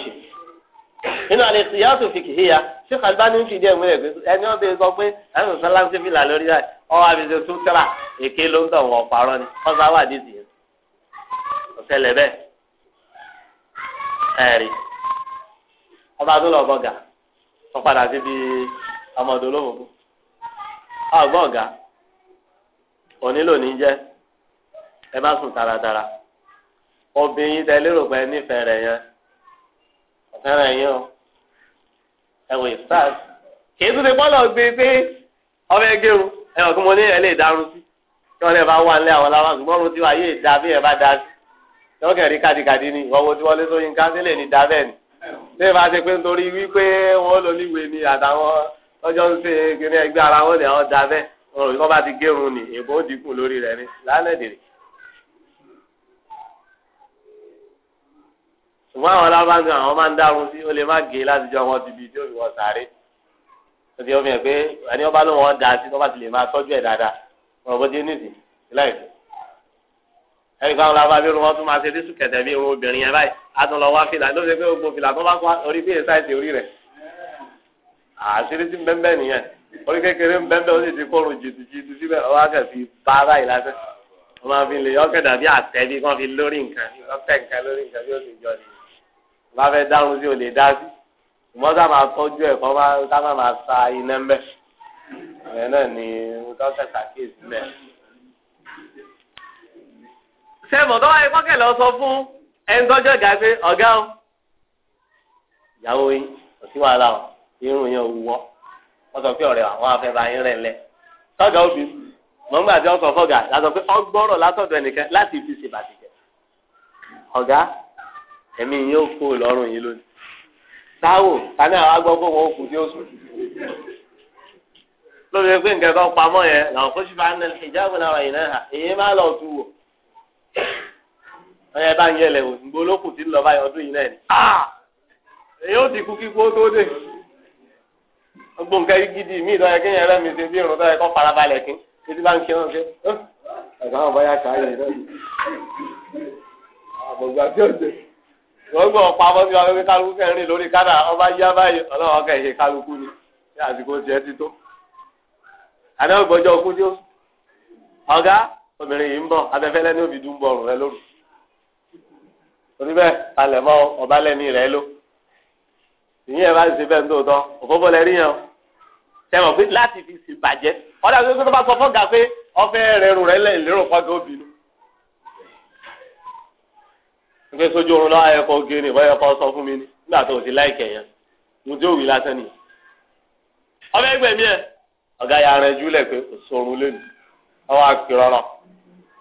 nínú àlè tí yàtò fi kìí ya kàlùbá ní fìdí ẹ̀ múlẹ̀ pé ẹni ọ̀bẹ sọ pé ẹ̀sùn sọ́lá ń ṣe fìlà lórí rẹ̀ ọwọ́ àbíṣe tún tẹ́lá èké ló ń tọ̀ parọ́ ni kọ́sá wà wọ́n padà síbi ọmọdé olófòfò ọgbọ́n ọ̀gá òní lónìí jẹ́ ẹ má sùn taratara obìnrin tẹ lérò pé nífẹ̀ẹ́ rẹ̀ yẹn ọ̀fẹ́ràn yín o ẹ̀wọ̀ ìfúráàs kì í tún ti bọ́lọ̀ gbé pé ọmọ ẹgbẹ́ o ẹ̀wọ̀n tí mo ní ẹ lè dárun sí kí wọ́n lè bá wà nílé àwọn láwọn ṣùgbọ́n mo ti wà yé ìdá bí ẹ bá dá sí lọ́kẹ̀rí kádìkádì ni ìwọ́wọ́ tí wọ́n lé sóyún ká sílẹ̀ ní bí ẹ bá ṣe pé nítorí wípé wọn lò níwèé ni àtàwọn lọ́jọ́ ń ṣe kíní ẹgbẹ́ ara wọn lè ọ̀dà bẹ́ẹ̀ wọn rò kí wọ́n bá ti gérun ni èbó dínkù lórí rẹ̀ ni lálẹ́ dèrè. ṣùgbọ́n àwọn alábàáńgá àwọn máa ń dárun sí ó lè má gé láti jọ wọn dìbì tí ó fi wọn sáré ó ti yọ pé ẹni wọn bá lóun ọ̀dà sí wọn bá ti lè máa tọ́jú ẹ̀ dáadáa wọn ò bó ti láì fún ẹnì kan lọ́wọ́ abẹ́rù wọn tún máa ṣe dísù kẹ̀tẹ̀ bí irun obìnrin yẹn báyìí a tún lọ wá fìlà ló ṣe pé gbogbo fìlà tó bá kó orí bí èsáìsì orí rẹ̀ àṣírí ti bẹ́ẹ̀ nìyẹn orí kékeré ń bẹ́ẹ̀ ó sì ti kórun jìtì jìtì síbẹ̀ ọwọ́ akẹ́ fi bá báyìí lásán wọ́n máa fi lè ọkẹ́ dàbí àtẹ bí wọ́n fi lórí nǹkan ọkẹ́ nǹkan lórí nǹkan bí ó ti jọ sẹ́mọ̀ tó wáyé kọ́kẹ́ lọ sọ fún ẹni tọ́jọ́ ìgbà pé ọ̀gá o ìyàwó yín kò sí wàhálà o irun yẹn ò wọ́ wọ́n sọ pé ọ̀rẹ́ àwọn afẹ́ bá yín rẹ̀ lẹ̀ tọ́gà obì mọ̀ngbà tí wọ́n sọ fọ́gà látọ̀ pé ọgbọ́rọ̀ látọ̀dọ̀ ẹnìkan láti fi ṣe bàtìjẹ́ ọ̀gá ẹ̀mí yín ó kó lọ́rùn yín lónìí táwò tani àwọn agbọ́ pé wọ́n kù tí ó pé nǹkan kan pamọ́ yẹn làwọn kó ṣì bá ń nà èyí má lọ tu wò ẹ bá ń yẹlẹ wò nígbó lókùn tí ń lọ báyìí ọdún yìí náà ni. Ah! èyí ó ti kú kí kó tó dé. gbogbo nǹkan gidi mi ìdọ́yẹ kí yẹn rẹ́mi ṣe bí irun tó yẹ kó farabalẹ̀ kí títí bá ń ṣe wọn ṣe. ẹ̀ka àwọn báyà ká yẹ náà ni. àbọ̀gbà tí ó ṣe. wọ́n gbọ́ ọ̀pá bọ́ sí wa pé kálukú kẹrin lórí kádà ọba yá báyìí ọlọ́wọ́ kẹ̀ ṣe kálukú ni ní àsìkò tiẹ̀ ti tó. àná ọ̀gá obìnrin yìí ń bọ̀ abẹ́fẹ́lẹ́ ní òbí dùn bọ̀ ọ̀rùn rẹ lóru torí bẹ́ẹ̀ palẹ̀ mọ́ ọba lẹ́ni rẹ̀ ló ìyẹn bá ṣe bẹ́ẹ̀ tó tọ́ òfófó lẹ rí yẹn tẹmọ̀ pé láti fi sì bàjẹ́ ọ̀dà tó tó bá sọ fọ́gà pé ọfẹ́ rẹ̀ rù rẹ̀ lẹ̀ lérò fọ́gà obìnrin. pé sójú oorun lọ́wọ́ ayẹkọ oge ni ìbáyọ̀ kọ́ sọ fún mi ni nígbà tó o ti láìkẹ̀ yẹn mo tí ò wí lásán ni. ọmọ ẹgbẹ́ mi ẹ̀ ọ̀gá ya rẹ̀ júlẹ̀ pé kò sórun lónìí ọwọ́ àpérọ̀rọ̀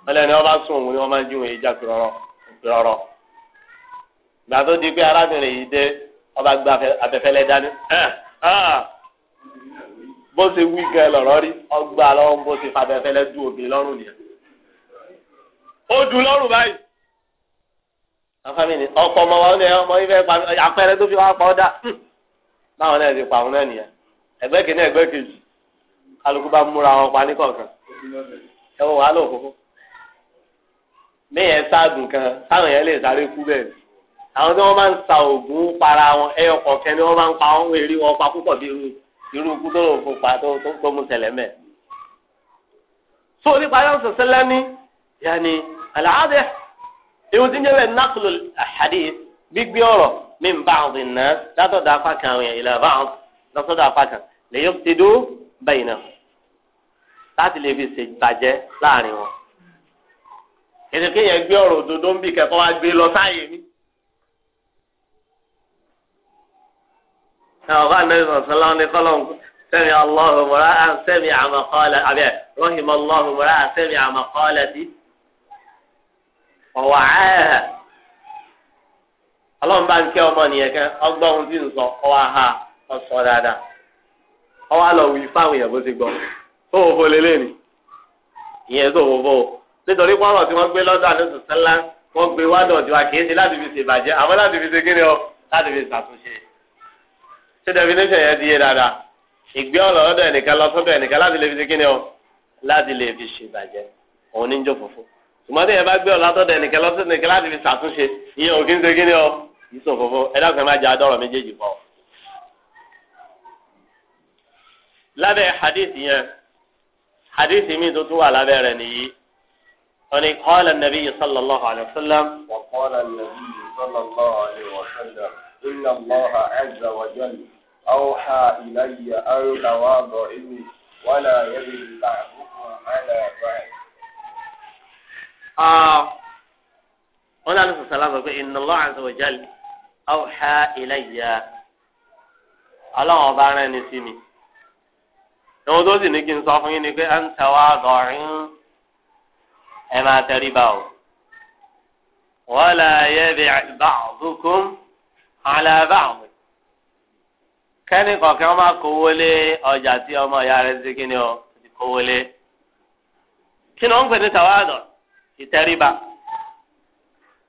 ọlẹ́ni ọba sùn òun ni wọ́n máa ń jí òun yìí já pérọ̀rọ̀ pérọ̀rọ̀ gbà tó di pé arábìnrin yìí dé ọba gba abẹfẹlẹ dání bó ṣe wí gan lọ̀rọ̀ rí ọgbà lọ́wọ́ bó ṣe fa abẹfẹlẹ du obìnrin lọ́rùn nìyẹn ó dùn lọ́rùn báyìí afámi ni ọkọ ọmọ wọn ni ọmọ yìí fẹ́ pa àpẹẹrẹ tó fi wá pa ọ dá báwọn náà ti pa òun náà nìyẹn ẹgbẹ́ kìíní ẹgbẹ́ kejì kálukú bá múra wọn pa níkọ̀ọ̀kan ẹ wọ wàhálà òkókó mí yẹn sáàdùn kan táwọn yẹn lè sáré kú bẹ́ẹ̀ àwọn tí wọ́n máa ń sa oògùn para wọn ẹyọ kọ̀ọ̀kan ni wọ́n máa ń pa wọn eré wọn pa púpọ̀ bí irú irú ikú tó lò fún pa tó tó mú ṣẹlẹ̀ mẹ́. so nípa yóò sọ sẹ́lẹ̀ ní yanni àlàáde ewu tí ń jẹ́ bẹ́ẹ̀ nàkùlù hadith gbígbé ọ̀rọ̀ mi ń bá àwọn ọ̀dìn náà látọ̀dọ̀ apá kan àwọn ìlà bá àwọn lọ́sọ̀dọ̀ apá kan lè yọ ti dó bẹ́yìn náà láti lè fi ṣèbàjẹ́ láàrin wọn. èdèkéyàn gbé ọ̀rọ̀ òdodo ń bì kẹ́kọ̀ọ́ wá gbé lọ sáàyè mi. ọba anabi sọsọlá ní kọlọm sẹmi allahu mura an sẹmi amakọlẹ abẹ rahim allahu mura an sẹmi amakọlẹ ọmọ nìyẹn kan ọgbọ́n ohun tí ọsọ dáadáa ọwọ alọ wí fáwọn èèyàn tí gbé gbé láti fi àwọn láti fi ṣe kíni ọ láti fi ṣàtúnṣe. ṣé definition yẹn ti yé dáadáa ìgbé ọ̀rọ̀ ọ̀dọ̀ ẹnìkan lọ sọ́dọ̀ ẹnìkan láti lè fi ṣe kíni o láti lè fi ṣe ìbàjẹ́ òun ní jó fòfò tòmọ́tò yẹn bá gbé ọ̀rọ̀ látọ̀dọ̀ ẹnìkan lọ́sọ̀dọ̀ ẹnìkan láti fi ṣàtúnṣe ìyẹn ò kí kíni o ìṣò fòfò ẹ dákun jẹ adọ́rọ̀ méjèèjì pọ̀. lábẹ́ hadith yẹn hadith mi tó tún wà lábẹ́ rẹ̀ أوحى إلي أن تواضعني ولا يبغي بعضكم على بعض. آه قال عليه الصلاة والسلام إن الله عز وجل أوحى إلي ألا أبانا نسيني àwọn tó sì ní kí n sọ fún yín ni pé à ń tẹwà dọ̀rín ẹ máa tẹríba o wọ́n lè yẹ bí bàdúkùn àlàbà àwọn kẹ́ni kọ̀ọ̀kan ọmọ akówólé ọjà tí ọmọ ìyá rẹ̀ ti kí ni ọ ti kówólé kí ni wọ́n ń pè ní tàwádọ̀ ìtẹríba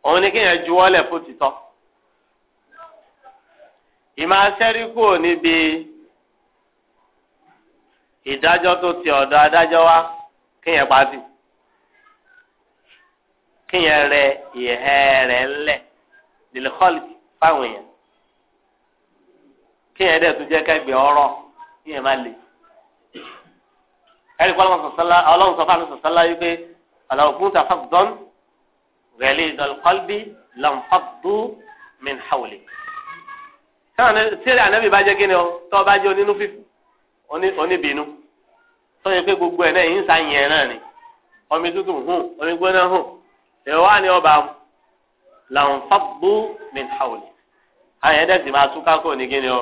òun ni kéèyàn juwọ́lẹ̀ fún títọ́ ìmọ̀ asẹ́rí kúrò níbi ìdájọ́ tó ti ọ̀dọ̀ adájọ́ wá kéèyàn pàtì kéèyàn rẹ ìhẹ́ rẹ̀ ńlẹ̀ lè kọ́lì fáwọn èèyàn kéèyàn dẹ̀ tún jẹ́ kẹ́gbẹ́ ọ̀rọ̀ kéèyàn má le. ẹ̀rí kọ́lọ́mù sọ̀sọ́lá ọlọ́run sọ fáwọn sọ̀sọ́lá yìí pé ọ̀làwọ̀ fún ta fọ́gbọ́n rẹ̀lẹ́ ìdọ̀lùkọ́lbí lọ́nfọ́dú min hawli. sẹ́rẹ̀ ànábì bá jẹ́ kíni o tọ́ ọ bá jẹ́ onínú fífi oníbìnú tó yẹ pé gbogbo ẹ̀ náà yìí ń sa yẹn náà ni omi tútù hùn omi gbóná hùn èèwà ni ọba lọ́nfọ́dú min hawli. àyẹ̀dẹ́sì máa túká kò ní kíni o.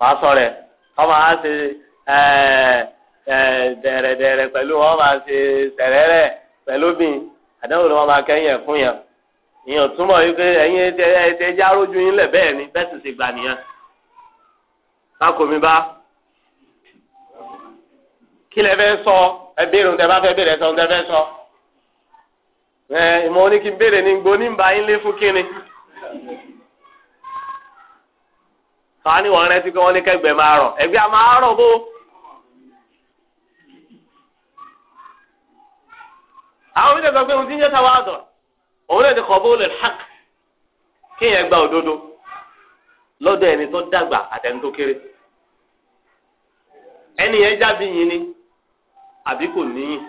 wàá sọrọ ẹ̀ ọmọ á ṣe dẹ̀rẹ̀dẹ̀rẹ̀ pẹ̀lú ọmọ á ṣe sẹ̀rẹ̀rẹ̀ pẹ̀lú bí àdéhùn ni wọ́n máa kẹ́yìn ẹ̀ fún yẹn ìyẹn túmọ̀ yìí pé ẹ̀yin ẹ̀jẹ̀ arójú yín lẹ̀ bẹ́ẹ̀ ni bẹ́ẹ̀ sì gbà nìyẹn. bá kí lẹ fẹ́ sọ tẹ bá fẹ́ sọ fẹ́ ni yín lé fún wọn ní wọn rántí pé wọn ní kẹgbẹ máa rọ ẹgbẹ a máa rọ bó. àwọn mi dẹ̀gbẹ́ pé ohun tí ń jẹ́ táwa àdọ̀ òun náà ti kọ̀ bó lè hàk kéèyàn gba òdodo lọ́dọ̀ ẹni tó dàgbà àtẹni tó kéré ẹni yẹn jábí yín ni àbí kò níyìn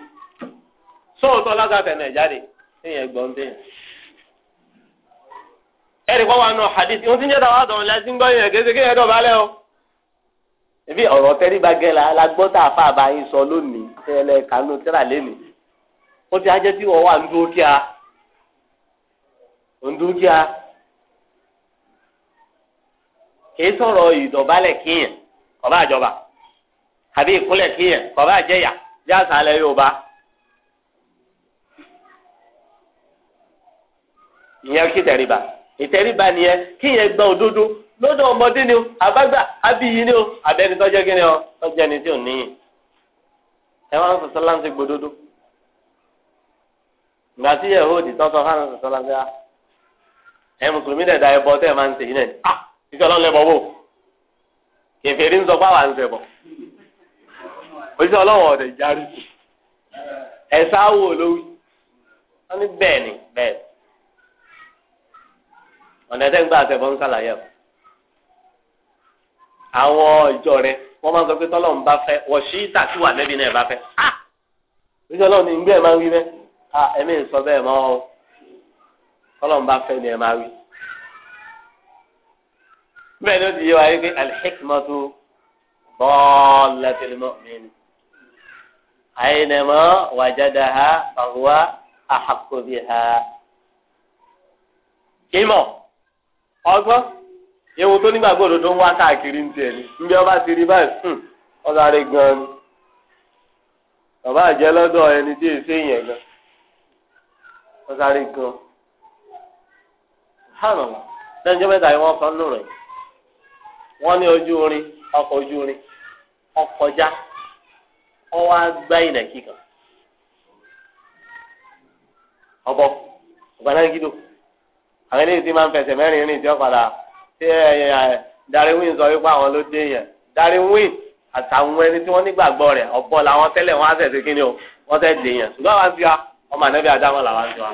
sóòótọ́ lágbàtà nàìjáde kéèyàn gbọ́n déyìn. ẹ̀rí wa nù hadith onye tí ń jẹ́ tàwa dọ̀rùn lẹ́sìn gbọ́ yẹn kéde kéde dọ̀bálẹ̀ o. ebi ọ̀rọ̀ tẹ́ríba la gbọ́ tá a fa àbá yín sọ lónìí tẹ́lẹ̀ kánú tẹ́lá lẹ́nu ó ti ajẹ́ tí wọ́n wà ń dúró kíá ń dúró kíá kìí sọ̀rọ̀ ìdọ̀bálẹ̀ kíyàn kọ̀bá àjọba àbí kíyàn ìtẹríba nìyẹn kí yẹn gbọ́ òdodo lọ́dọ̀ ọmọdé ni o àbágbà àbíyí ni o àbẹ́ni tọ́jọ́ kí ni o tọ́jọ́ ni tí ò níyìn ẹ wá ń sọ sọ́lá ń ti gbòdodo ìgbà tí yehudi tọ́tọ́ fáwọn sọ sọ́lá ń ti wá ah, ẹ mùsùlùmí dẹ̀ da ẹbọ tẹ́ máa ń sèyí náà ah ìṣẹ́ ọlọ́run lẹ́bọ̀ wò kẹfẹ́rí ń sọ fáwọn à ń oṣìṣẹ́ ọlọ́run ọ̀dẹ̀ járí ẹ̀sáwò lówí wọ́n ní bẹ́ẹ̀ ni bẹ́ẹ̀ ọ̀nà ẹ̀dẹ́gbẹ́ àtẹ̀bọ̀ ń sàlàyé ọ̀ àwọn ìjọ rẹ wọ́n máa ń sọ pé tọ́lọ́run bá fẹ́ wọ́n ṣí tàkì wà lẹ́bi náà bá fẹ́ ah! níjọ náà ni ìgbẹ́ ẹ̀ máa ń wí bẹ́ẹ̀ ah! ẹ̀mí ń sọ bẹ́ẹ̀ mọ́ ọ tọ́lọ́run bá fẹ́ ni ẹ̀ máa wí. bẹ́ẹ̀ ni ó ti yé wa yé pé alhikmatu ضالة المؤمن أينما وجدها فهو أحق بها إمام ọgbọ́n ewu tó nígbàgbọ́ òdodo ń wá káàkiri ń tiẹ̀ ni ndị ọba ti rí báyìí hmm, ọ̀sàrè gan ni bàbá àjẹ́ lọ́dọ̀ ẹni tí èsì èèyàn gan ọ̀sàrè gan hàn nọ lẹ́yìn jẹ́ mẹ́ta yìí wọ́n sọ wọ́n ní ojú orin ọkọ̀ ojú orin ọkọjá ọwọ́ agbá ọbọ̀ àwọn eléyìí ti máa ń fẹsẹ̀ mẹ́rin rìn tí ó padà ṣé Darwin sọ wípé àwọn ló dé yẹn Darwin àtàwọn ẹni tí wọ́n nígbàgbọ́ rẹ̀ ọ̀pọ̀ làwọn tẹ́lẹ̀ wọn á tẹ̀sí kí ni o wọ́n tẹ̀ dé yẹn ṣùgbọ́n àwọn ti wa ọmọ ànábì adámọ̀ làwọn ti wa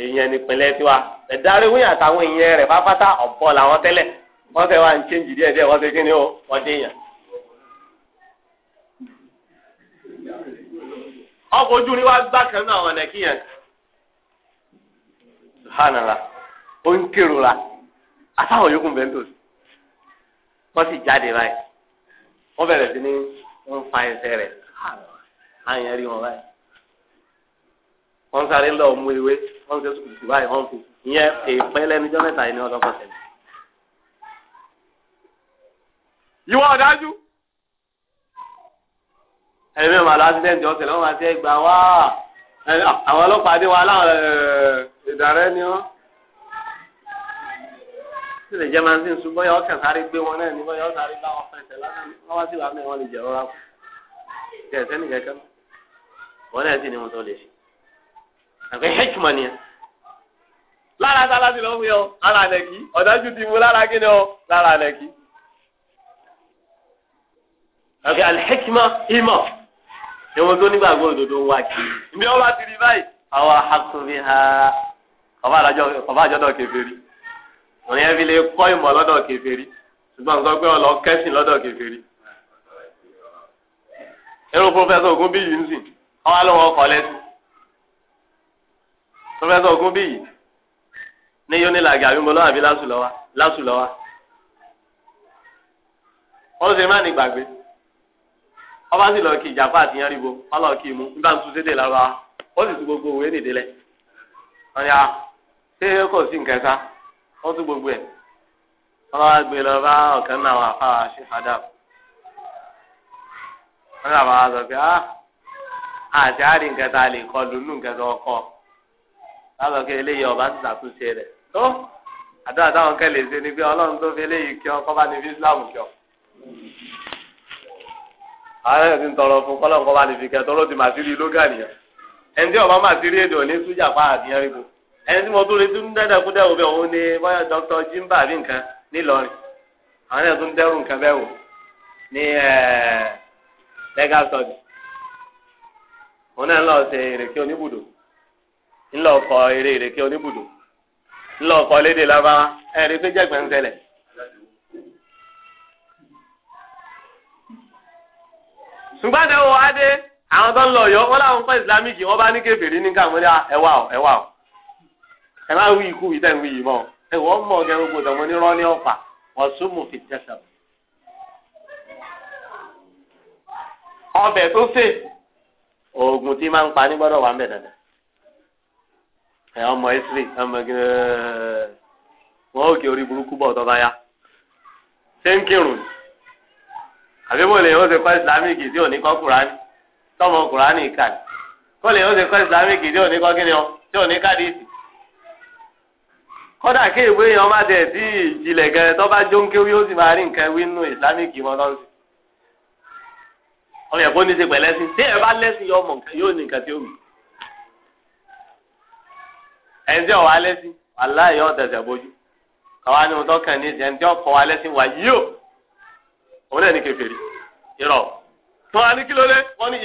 èèyàn nípìnlẹ̀ tiwa Darwin àtàwọn èèyàn rẹ̀ pápátá ọ̀pọ̀ làwọn tẹ́lẹ̀ wọ́n tẹ̀ wá ń ṣéǹjì díẹ̀ díẹ̀ wọ́n tẹ̀ kí ni o wọ́n dé yẹn. ọkọ̀ ojú ni wàá gbá kan náà ọ̀nà kíyàn subhanallah ó ń kírun la àtàwọn yòókù bẹ́ẹ̀ tó wọ́n sì jáde báyìí wọ́n bẹ̀rẹ̀ sí ní wọ́n fa ẹsẹ̀ rẹ̀ àyàn rí wọn báyìí wọ́n sáré lọ mú ewé wọ́n ṣe sùkùkù báyìí wọ́n fi ìyẹn èèpẹ́ lẹ́nujọ́ mẹ́ta yìí ni wọ́n lọ́kọ̀ tẹ̀lé. ìwọ ọ̀dájú ẹ̀mí ọ̀mà lásìdẹ́ǹtì ọ̀sẹ̀ lọ́wọ́ àti ẹgbàá wá àwọn ọlọ́pàá dé wa láwọn ẹ̀ẹ́ ìdàrẹ́ ni wọ́n sì lè jẹ́ máa ń sìn sùn bóyá ọkàn sáré gbé wọn náà ni bóyá ọkàn sáré bá wọn fẹsẹ̀ lánàá wọ́n wá sí wàá mẹ́rin wọn lè jẹ́ rọra kù kí ẹ̀sẹ̀ nìkan kan wọn náà sì ni wọn tó lè ṣe àgbẹ̀ hẹ́kìmọ̀ nìyẹn lára sálá sí lọ́wọ́ yẹn o ara àlẹ́kì ọ̀dájú ti mú lára kí ni o lára àlẹ́kì. àgbẹ̀ alhẹ́kìmọ̀ ìmọ̀ ìwọ̀n tó nígbàgbọ́ òdodo wá kiri ìbí wọn ọba àjọdọ̀ kèfèrí òní ẹ fi lè kọ́ ìmọ̀ lọ́dọ̀ kèfèrí ṣùgbọ́n nǹkan pé ọlọ kẹ́sìn lọ́dọ̀ kèfèrí. irú pọfẹsọ Ògúnbíyì ń sìn ọwọ́ ló wọ́n kọ́ lẹ́sìn pọfẹsọ Ògúnbíyì ní yónílàgì abi àbí lásùlọ́wà wọ́n ṣe ní gbàgbé ọba sì lọ kí ìjàpá àti ọlọ́ọ̀kì mú nígbà tó ṣe dé gbogbo òwe ó kò sí nkẹta ó tún gbogbo ẹ̀ ọlọ́wà gbé lọ bá náà wà fáwọn aṣèpadà wọn làwọn sọ pé àti àárín nkẹta lè kọ lùnú nkẹta ọkọ lọ́sọ̀ kí eléyìí ọba ti rẹ̀ tó àdúrà táwọn ṣe ni pé ọlọ́run tó fi eléyìí kí ọkọ bá ní fi Islam kí ọ tọrọ fún kọ́lọ́ǹkọ́ bá fi kẹ́ tọ́lọ́ ti ẹni tí mo tún retí ń dẹ́dẹ̀ kú dẹ́wò bẹ́ẹ̀ òun ni báyọ̀ dr jimba àbí nǹkan nílọrin àwọn náà tún dẹ́rù nǹkan bẹ́ẹ̀ wò ní legal study òun náà lọ ṣe ìrèké oníbùdó yọ wọn islamic wọn bá ní ọ ọ. ẹ má wí ikú yìí dẹ́n wí yìí mọ́ ẹ wọ́n mọ̀ ọ̀gẹ́ gbogbo tọ̀mọ́ ní rọ́ọ̀lì ọ̀pá wọ́n sún mù fi jẹ́ sàbẹ̀. ọbẹ̀ tó fè oògùn tí máa ń pa ní gbọ́dọ̀ wà ń bẹ̀ dandan ẹ ọmọ Italy ọmọ gẹ́gẹ́ wọn ò kí orí burúkú bọ̀ tọ́ bá yá ṣé ń kírun àbí mo lè yóò ṣe kọ́ Islamic tí ò ní kọ́ Kùránì tọmọ Kùránì kà ní kó lè yóò ṣe kọ́ Islamic tí ò ní kọ́ kíni ọ tí ò ní kádìsì kódà kí ìwé yẹn ọba tẹ̀ sí ìjìnlẹ̀ gẹ̀rẹ́ tó bá jónkẹ́ wí ó sì máa rí nǹkan wí nù islamic mọ́nọ́sì. ọmọ ẹ̀kọ́ ní í ṣe pẹ̀lẹ́sìn tí ẹ bá lẹ́sìn yọ ọmọ nǹkan yóò ní nǹkan tí ó wù. ẹni tí ọ̀wá lẹ́sìn aláì yọ tẹ̀sẹ̀ bójú káwá ní ohun tó kàn ní ìṣẹ́ ẹni tí ọkọ̀ wa lẹ́sìn wà yí ò òun náà ní kèfèrí irọ́ tó wá ní kí ló lé wọ́n ní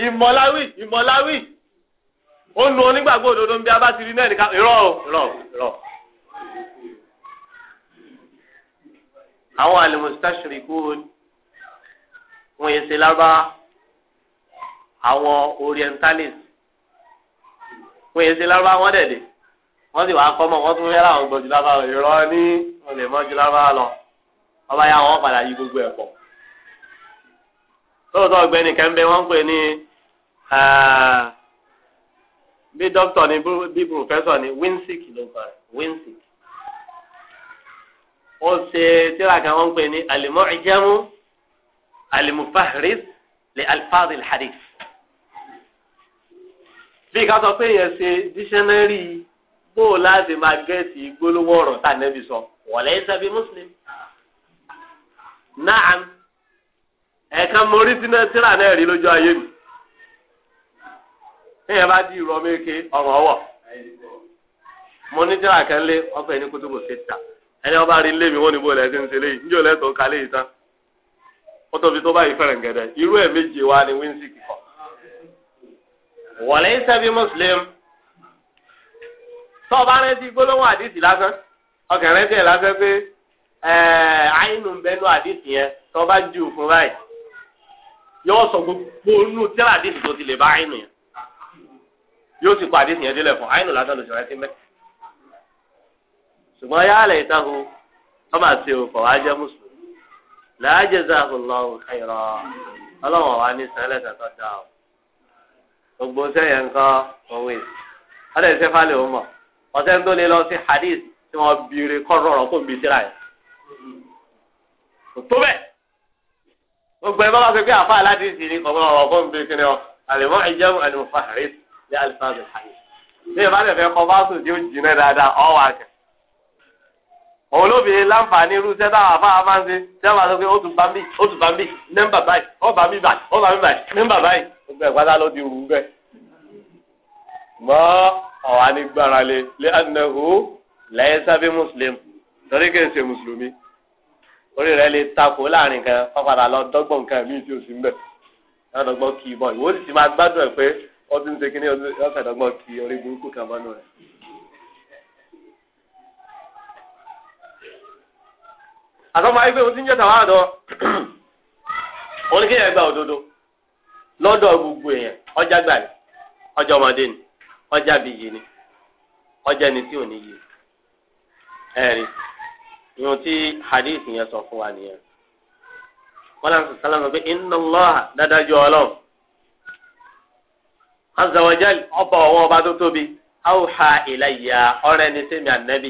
àwọn alimusitashirikun wọn yẹ ṣe lábá àwọn orientalis, wọn yẹ ṣe lábá wọn dẹ̀ dé wọn sì wá kọ́ mọ́ wọn tún fẹ́ láwọn gbọ́dọ̀ lábá rẹ̀ irọ́ ní olè mọ́jú lábá lọ ọba yà wọn padà yí gbogbo ẹ̀ pọ̀ lóòótọ́ ọ̀gbẹ́ni kẹ́ńbẹ́ wọ́n pè ní eh, bí dókítà ni bí pòfẹ́sọ̀ ni winsick ló ń sọ winsick ó ṣe tíra kan wọ́n ń pè ní al-Mu'jamu al-Mufahrris li alfaz al-hadith bí ká sọ pé yẹn ṣe dísẹ́nẹ́rì bó láti máa gẹ̀ẹ́sì gbólóhùn ọ̀rọ̀ tá nẹ́bi sọ wọ̀lẹ́ ìsàbí muslim. Naam ẹ̀ẹ̀kan mo sínú tíra náà rí lójú ayé mi. Téèyàn bá di ìrọ̀ méke ọ̀rọ̀ ọwọ̀. Mo ní tíra kan lé ọ̀fẹ́ ní kótópò ṣe tà ẹni ọba rí lémi wọn ni bó lẹsẹ ń ṣe léyìí níjó lẹsọ ká léyìí tán wọn tóbi tó báyìí fẹrẹ gẹdẹ irú ẹ méje wa ni wíńsì kọ. wọlé sẹbi muslim tó o bá rántí gbólóhùn àdìsí lásán ọkàn rántí ẹ lásán pé ẹ àìnú bẹnu àdìsí yẹn tó o bá jù fún báyìí yóò sọ gbogbo inú tíra àdìsí tó ti lè bá àìnú yẹn yóò sì kó àdìsí yẹn délẹ̀ fún àìnú lásán ló sì rántí mẹ́ta ṣùgbọ́n yà á lè dáhùn ọmọ àti òkò wá jẹ́ mùsùlùmí làájẹ́ záàbùlọ́hùn kẹrọ ọlọ́wọ́n wa ní sàn lẹ́sẹ̀ tó dá o gbogbo sẹ́yìn nǹkan òwe ọdẹ ìṣẹ́fà lè mọ̀ ọ̀sẹ̀ tó lè lọ sí hadith tí wọ́n bìrì kọ́ rọrọ̀ kó bìí síra yẹn tó bẹ́ẹ̀ gbogbo ẹ̀ bá wà pé pé àfa aláàdì sì ni kọ̀ọ̀kan ọ̀rọ̀ fún mi kí lè fẹ́ kọ́ bá sùn tí ó jìnnà dáadáa ọ̀ wà kẹ́ òun ló fi láǹfààní irú sẹ́tà àfáà máa ń ṣe sẹ́wà sọ pé ó tún bá mí ó tún bá mí nẹ́mbà báyìí ó bá mí báyìí ó bá mí báyìí nẹ́mbà báyìí gbogbo ẹ̀ pátá ló ti rù ú bẹ́ẹ̀. mọ́ ọ̀wá ní gbára lé lé anahu lẹ́yìn sábẹ́ muslim torí kì í ṣe mùsùlùmí orí rẹ̀ lè takò láàrin kan pápádà lọ dọ́gbọ̀n nǹkan míì tí ó sì ń bẹ̀ lọ́dọ̀gbọ́n kì í bọ̀ ìwọ àtọ́mọ ayé pé òun ti ń jẹ́ tàwa àdọ́ oníkéèyàn gba òdodo lọ́dọ̀ gbogbo èèyàn ọjà gbà ní ọjà ọmọdé ni ọjà bìyì ni ọjà ẹni tí ò ní yé ẹ̀rí ìhun tí hadith yẹn sọ fún wa nìyẹn wọn náà sọ sálàmù pé ọba ọwọ́ ọba tó awha sẹ́mi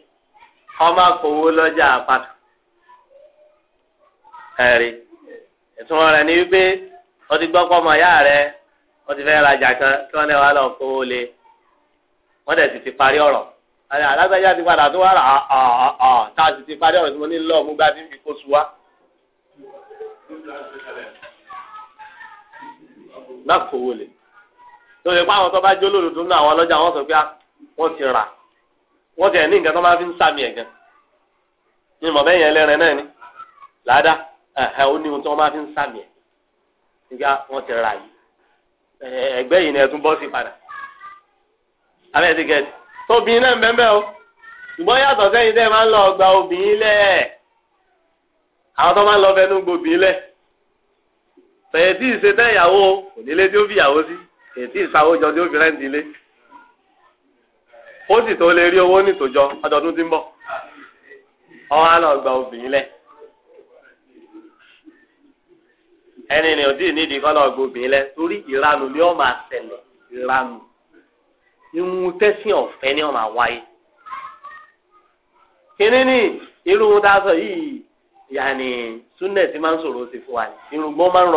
ọmọ akọ̀wé lọ́jà àpàtà ẹ̀rí ìtumọ̀ rẹ̀ ni wípé wọ́n ti gbọ́ mọ̀ ìyá rẹ̀ wọ́n ti fẹ́ rajà kan kí wọ́n náà wà lọ fowó le wọ́n dẹ̀ ti parí ọ̀rọ̀ alágbèjà ti padà tó wà rà ọ̀ a sì ti parí ọ̀rọ̀ tí mo ní tó àwọn tó bá jó àwọn ọlọ́jà wọn sọ ah, wọ́n tẹ̀ ní nǹkan tó máa fi ń sàmì ẹ̀gàn ní mọ̀ bẹ́ẹ̀ yẹn náà ni làádá ẹ̀hẹ́ ó ní ohun tí wọ́n máa fi ń sàmì ẹ̀ nígbà wọ́n ti ra yìí ẹ̀gbẹ́ yìí ni ẹ̀tún bọ́ sí padà abẹ́ẹ̀dì gẹ̀ẹ́sì tóbìnrin náà ń bẹ́ẹ̀ o ṣùgbọ́n yàtọ̀ sẹ́yìn tẹ́ máa ń lọ ọgbà obìnrin lẹ̀ àwọn tó máa ń lọ fẹnu gbòbìnrin lẹ̀ tẹ̀yẹ̀tì ìṣe tẹ́ ìyàwó ònílé tí ó fi ìyàwó sí tẹ̀yẹ̀tì ìṣàwójọ tí ó fi rẹ́ǹdì ilé ó sì tó lè rí owó nítòjọ ọdọọdún tí ń mbọ ọwọ́ á lọ gba obìnrin lẹ ẹni ni òdì nídìí kọ́ lọ gba obìnrin lẹ torí ìranù ni ó máa ṣẹlẹ̀ ìranù irun ọfẹ ni ọ máa wáyé ni irun tá yìí yàní máa ń sí fún wa máa ń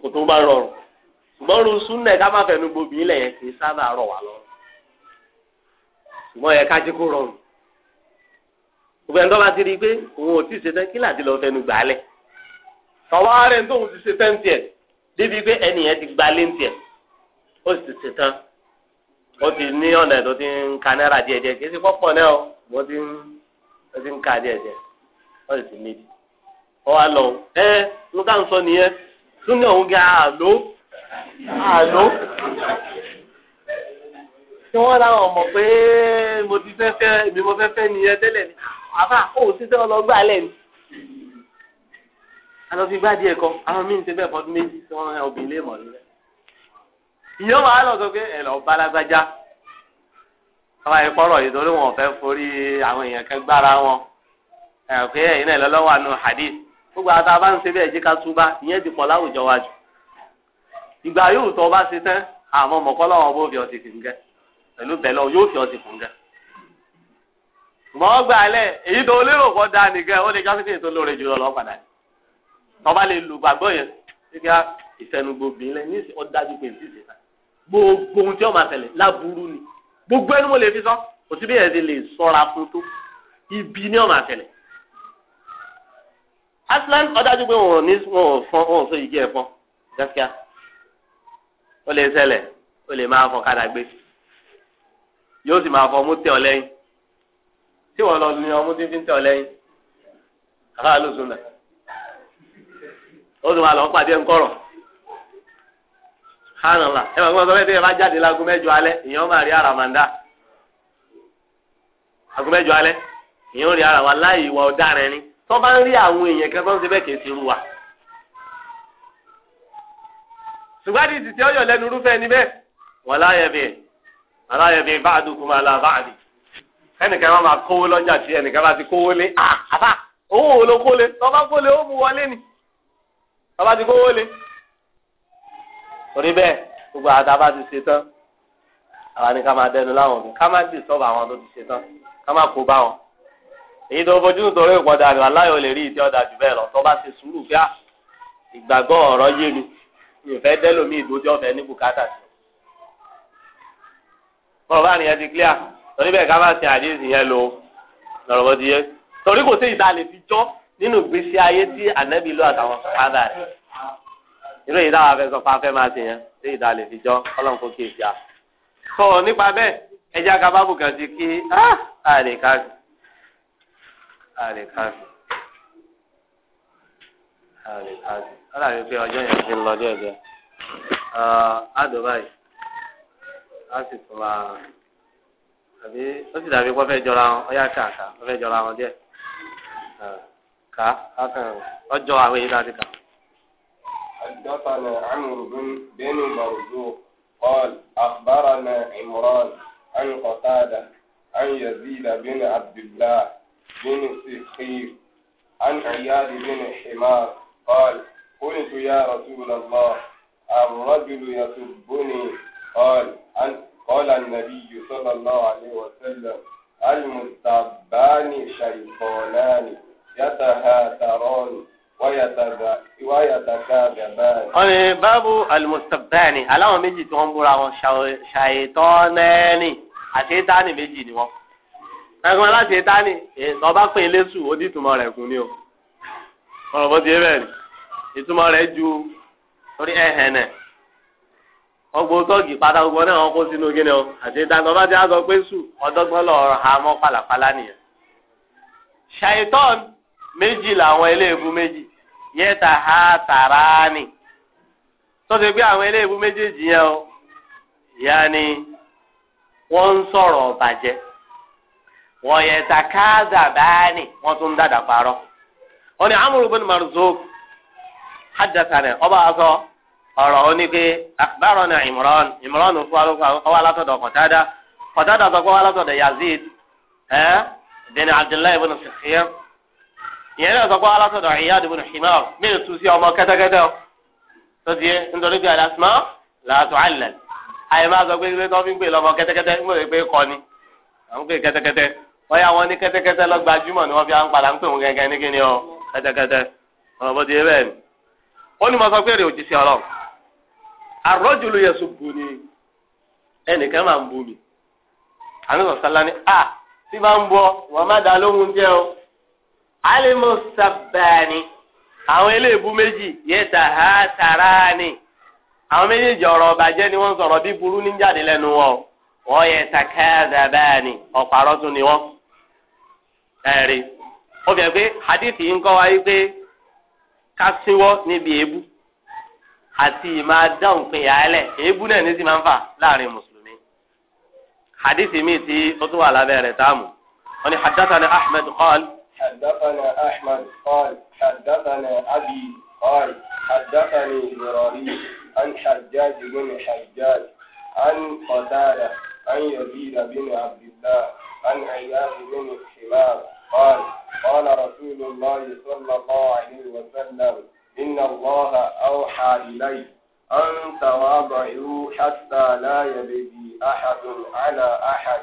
rọrùn máa ń rọrùn ṣùgbọ́n ká má fẹnu ṣùgbọ́n yẹ ká kó rọrùn gbogbo ẹni tó ti rí i pé òun ò tí ì ṣe tán kí láti lọ fẹnu gbà á lẹ̀ tọwọ́ tó òun ti ṣe tán tiẹ̀ débi pé ẹnìyẹn ti gba lé tiẹ̀ ó sì ti ṣe tán ó ti ní ọ̀nà tó ti ń ka náírà díẹ̀díẹ̀ kì í ṣe pọ́pọ̀ náà o mo ti ń mo ti ń ka díẹ̀díẹ̀ ó sì ti níbi ọ wa lọ ẹ ń ká ń sọ nìyẹn tún òun gẹ àlọ́ àlọ́ tí wọ́n ra wọn mọ̀ pé mo ti fẹ́ fẹ́ mi mo fẹ́ fẹ́ nìyẹn tẹ́lẹ̀ ni àbá ó sísẹ́ ọlọ́gbà lẹ̀ ni. a lọ fi gbá díẹ̀ kan àwọn míì ń ṣe bẹ́ẹ̀ fọdún méjì tí wọ́n rán obìnrin lè mọ̀ nílẹ̀. ìyẹn wàá lọ sọ pé ẹ lọ bá lágbájá. àwọn ìpọ́nrọ̀ yìí torí wọn fẹ́ forí àwọn èèyàn kan gbára wọn. ẹ pé ẹ̀yin náà lọ́lọ́wọ́ àánú hadith gbogbo àwọn tá a bá ń ṣe bẹ́ẹ̀ jẹ́ ká túbá ìyẹn ti pọ̀ láwùjọ wájú. ìgbà yóò tọ́ bá ṣe tán àmọ́ mọ̀kọ́ lọ́wọ́ bó fi ọtí kìí ń gẹ́ pẹ̀lú bẹ̀lẹ̀ o yóò fi ọtí kún gẹ́. ṣùgbọ́n ọgbà alẹ́ èyí tó lérò pọ̀ dáa nìkan ó lè já fífi ètò lóore jùlọ lọ́ padà tọ́ba lè lù gbàgbọ́ yẹn kíkà ìfẹnugbòbí lẹ ní ọdájú pé ní ìṣẹ̀lẹ̀ gbogbo ohun tí ó máa tẹ̀lé láburú ni gbogbo ẹni mo lè fi sọ kò bí ẹ̀ lè sọ́ra fún tó ibi ni ó máa tẹ̀lé aslan ọdájú pé wọn ò ní wọn ò fọn wọn ò sọ yìí kí ẹ fọn ó lè ṣẹlẹ̀ ó lè máa fọn kádà gbé yóò sì máa fọ ọmú tẹ ọ lẹ́yìn tí wọn lọ ní ọmú títí tẹ ọ lẹ́yìn àbá ló sùn nà ó sì máa lọ pàdé ńkọrọ hánàlá ẹ máa gbọ́dọ̀ bẹ́ẹ̀ tí ẹ bá jáde láago mẹ́jọ alẹ́ ìyẹn máa rí àràmàǹdà àgọ́ mẹ́jọ alẹ́ ìyẹn rí ara wa láì ìwà ọ̀daràn ni tó bá ń rí àwọn èèyàn kan tó ń ṣe bẹ́ẹ̀ kìí ṣerú wa. ṣùgbọ́n àdìsí tí ó yọ̀ lẹ́nu irúfẹ́ ni bẹ́ẹ̀ wọ́n láyẹ̀ bẹ́ẹ̀ aláyọ̀ bíi báàdù kò máa la báàdì ẹnìkan máa máa kówó lọ́jà tí ẹnìkan bá ti kówó lé ah, àbá owó wo ló kó lé tọ́ba kó lé ó mú wọlé ni tọ́ba ti kówó lé. torí bẹ́ẹ̀ gbogbo àtà bá ti ṣe tán àwa ni ká máa dẹnu láwọn òbí ká má dì sọ́ọ̀bù àwọn tó ti ṣe tán ká má kó bá wọn. èyí tó fojú nítorí ìpọ́dà rẹ̀ aláyọ̀ lè rí ìdí ọ̀dà jù bẹ́ẹ̀ lọ tọ́ba ti sùúrù fíà ìgbàgbọ́ ọ̀rọ̀ yé mi mi ò fẹ́ dẹ́lòmíì tó tí ọ̀fẹ́ ní sí wọn bá rìn yẹn ti clear torí bẹ́ẹ̀ ká má sin àdéhùn yẹn lò lọ́rọ̀ bó ti yẹ torí kò sí ìdálẹ fi jọ nínú gbèsè ayé tí ànábì lọ àtàwọn sàkádà rẹ irú èyí táwọn afẹsọ pa afẹ máa ti yẹn sí ìdálẹ fi jọ Ọlọ́run kò kéèké a. sọ nípa bẹ́ẹ̀ ẹjẹ agababu kan ti kí ah, a lè ká sí a lè ká sí a lè ká sí ọlọ́run pé ọjọ́ yẹn ti lọ díẹ̀ díẹ̀ á dùn báyìí á sì tún ra àbí ó sì dàbí pọ́fẹ́ jọra wọn ọ̀yá kàkà pọ́fẹ́ jọra wọn díẹ̀ ká kákan ọjọ́ àwọn èyí láti kà. حدثنا عمرو بن بن مرزوق قال أخبرنا عمران عن قتادة عن يزيد بن عبد الله بن سخير عن عياد بن حمار قال قلت يا رسول الله الرجل يسبني قال قال النبي صلى الله عليه وسلم المستبان شيطانان يتهاتران ويتكاذبان أنا باب المستبان aláwọn méjì tí wọ́n búra wọn ṣàìtọ́nẹ́ẹ̀nì àṣetáni méjì ni wọ́n ẹ̀gbọ́n aláṣetáni ọba pé eléṣù ó dì túmọ̀ rẹ̀ kún ni o ọ̀rọ̀ bó ti yé bẹ́ẹ̀ ni ìtumọ̀ rẹ̀ ju orí ẹ̀hẹ̀nẹ̀ ọgbọ tọọgì pátá náà wọn kó sínú gíní o àti ìdáná bá ti á sọ pé sùn ọdọgbọn lọ ha mọ pàlàpàlà nìyẹn. ṣàìtọ́n méjì làwọn eléèbú méjì ha tààrà ni tó ti àwọn eléèbú méjèèjì yẹn o ni wọ́n ń sọ̀rọ̀ wọ́n káàdà wọ́n tún ọ̀rọ̀ ó ní pé akbaro na imran imran fún arúgbó ọwọ́ alátọ̀dọ̀ kọ̀tádà kọ̀tádà sọ yazid abdullahi ìyẹn náà sọ ọmọ kẹtẹkẹtẹ o tó nítorí arọ́jùlù yẹn sùn bù ni ẹnìkan máa ń bu, mi ni a ah, tí bá ń bọ ma o alimu sabani àwọn eléèbú méjì yẹ ta ha tara ni àwọn méjèèjì ni wọn sọ̀rọ̀ bí burú ní jáde lẹ́nu wọn yẹ ta káàdà ni tún ni wọ́n ẹ̀rí ó fi hàn pé ń kọ́ wa pé àti ìmọ̀ adáhùn pé yàálẹ̀ èébú náà ní ti máa ń fà láàrin mùsùlùmí. hadithi mi ti ó tún wà lábẹ́ rẹ̀ táàmù wọ́n ní hadathana ahmed qal. hadathana ahmed qal hadathana abi qal hadathani zurari an hajjaj bin hajjaj an qatada an yazid bin abdullah an ayyab bin himar qal qala rasulullah sallallahu alayhi wa sallam. إن الله أوحى إلي أن تواضعوا حتى لا يبدي أحد على أحد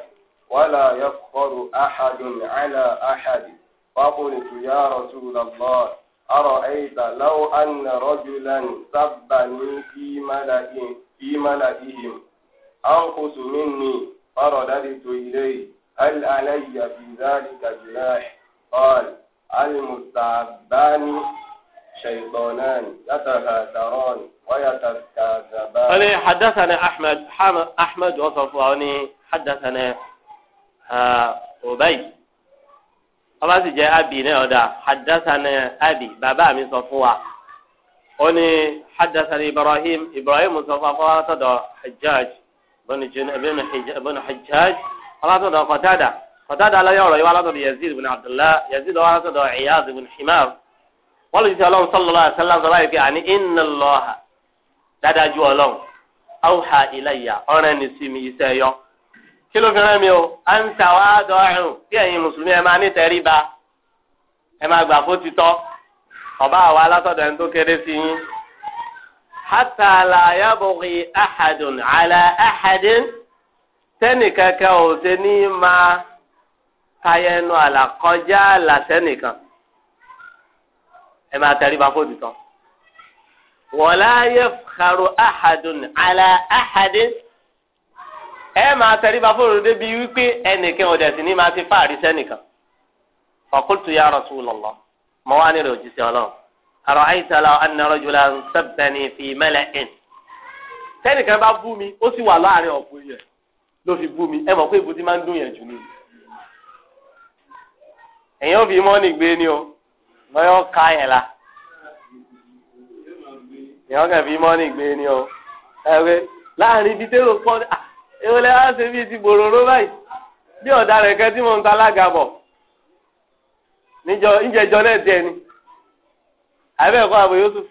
ولا يفخر أحد على أحد فقلت يا رسول الله أرأيت لو أن رجلا سبني في ملأ في ملئهم أنقص مني فرددت إليه هل علي في ذلك جناح قال المستعبان شيطانان يتهاتران ويتكاذبان أنا حدثنا أحمد أحمد وصفواني حدثنا أبي ọba sì jẹ abi náà ọdà hadasana abi bàbá mi sọ fún wa ó ní hadasana ibrahim ibrahim sọ fún afọ alátọdọ hajjaj bọnu hajjaj alátọdọ kọtada kọtada aláyọ ọ̀rọ̀ yìí wà alátọdọ yazid bin abdullah yazid wà alátọdọ iyaz bin himar wọ́n lè ṣe ọlọ́run sallallahu alaihi wasallam sọ pé àní inna Allaha dáadáa ju ọlọ́run awha ilayya ọ̀rẹ́ ni sí mi iṣẹ́ yọ. kí ló fi rán mi o à ń tàwa dọ́rùn bí ẹ̀yin mùsùlùmí ẹ máa ní tẹríba ẹ máa gbà fó titọ́ ọba àwa látọ̀dọ̀ ẹni tó kéré sí yín. hatta la yabghi ahadun ala ahadin tẹ́nìkankan ò ṣe ní máa tayẹnu àlàkọjá àlàsẹ́nìkan ẹ máa tẹríba fóòtù tán. wala yafkharu ahadun ala ahadin ẹ máa tẹríba fóòtù débi wípé ẹnìkan ọ̀dẹ̀ sí ni máa ti fáàrí sẹ́nìkan. faqultu ya Rasulullah mọ wá nílò òjíṣẹ́ ọlọ́run ara'ayta law anna rajulan sabbani fi mala'in. sẹ́nìkan bá bú mi ó sì wà láàrin ọ̀pọ̀ yẹn ló fi bú mi ẹ mọ̀ pé ibùdí máa ń dún yẹn jù mí. ẹ̀yin ò fi mọ́ọ̀nì yọ ká yẹn la ìyàn kàn fi mọ́nì gbé ni o ẹ̀wẹ̀ láàrin ibi tẹ́lọ̀ pọ́n ẹ̀wẹ̀ lẹ́yìn ṣe bíi ti gbòòrò báyìí bí ọ̀daràn kan tí mò ń ta alága bọ̀ níjọ ìjẹjọ náà dẹ ni àbẹ̀kọ́ àbò Yusuf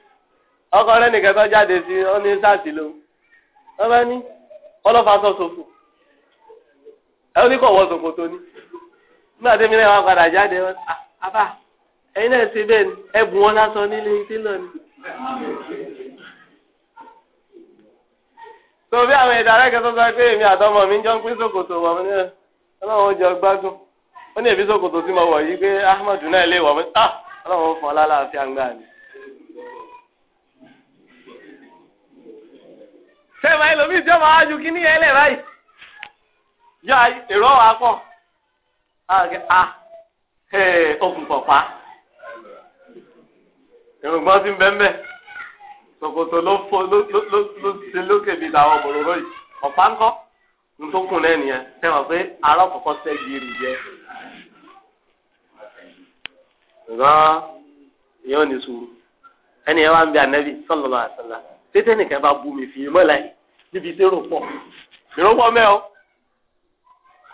ọkọ rẹ nìkan tó jáde sí sáàsì ló ní ọlọ́fà sọ ó ní ni nígbà tí mi náà wà padà jáde wọn ẹ̀yin náà ṣe bẹ́ẹ̀ ni ẹ̀bùn wọn lásán nílé tí lọ ni. tó bí àwọn ẹ̀dá rẹ̀ kẹsàn-án sọ pé èmi àtọmọ mi ń jọ ń pín ṣòkòtò wọ̀ mí náà ọlọ́run jọ gbádùn ó ní èmi ṣòkòtò tí mo wọ̀ yìí pé ahmadu náà lè wọ̀ mí tá ah, ọlọ́run fún ọ lálàáfíà ńgbà ni. sẹ́wọ̀n ẹlòmíì tí ó máa ju kíní yẹn lẹ̀ báyìí yọ èrò ọ̀ wá pọ̀ ọ̀gẹ̀ a ah, okùn pọ̀ pa èròǹgbọ́n ti ń bẹ́ẹ̀ mẹ́ ṣòkòtò ló fò ló ló ló ṣe lókè bíi tàwọn bòròrò yìí ọ̀pá ńkọ́ ntòkùn náà nìyẹn tẹ́wọ̀n pé arọ́ kọ̀kọ́ sẹ́gi èrì jẹ́ ṣùgbọ́n ìyẹn ò ní sùúrù ẹni yẹn wá ń bí anabi sọlọ́lọ́ àṣàlá tètè nìkan bá bu mi fi mọ́ láyé níbi tẹ́rọ pọ̀ tẹ́rọ pọ̀ mẹ́ o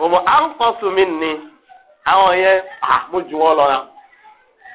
òmò à ń kọ́ sùn mí ni àwọn yẹn à mo jù wọ́n lọ́ra.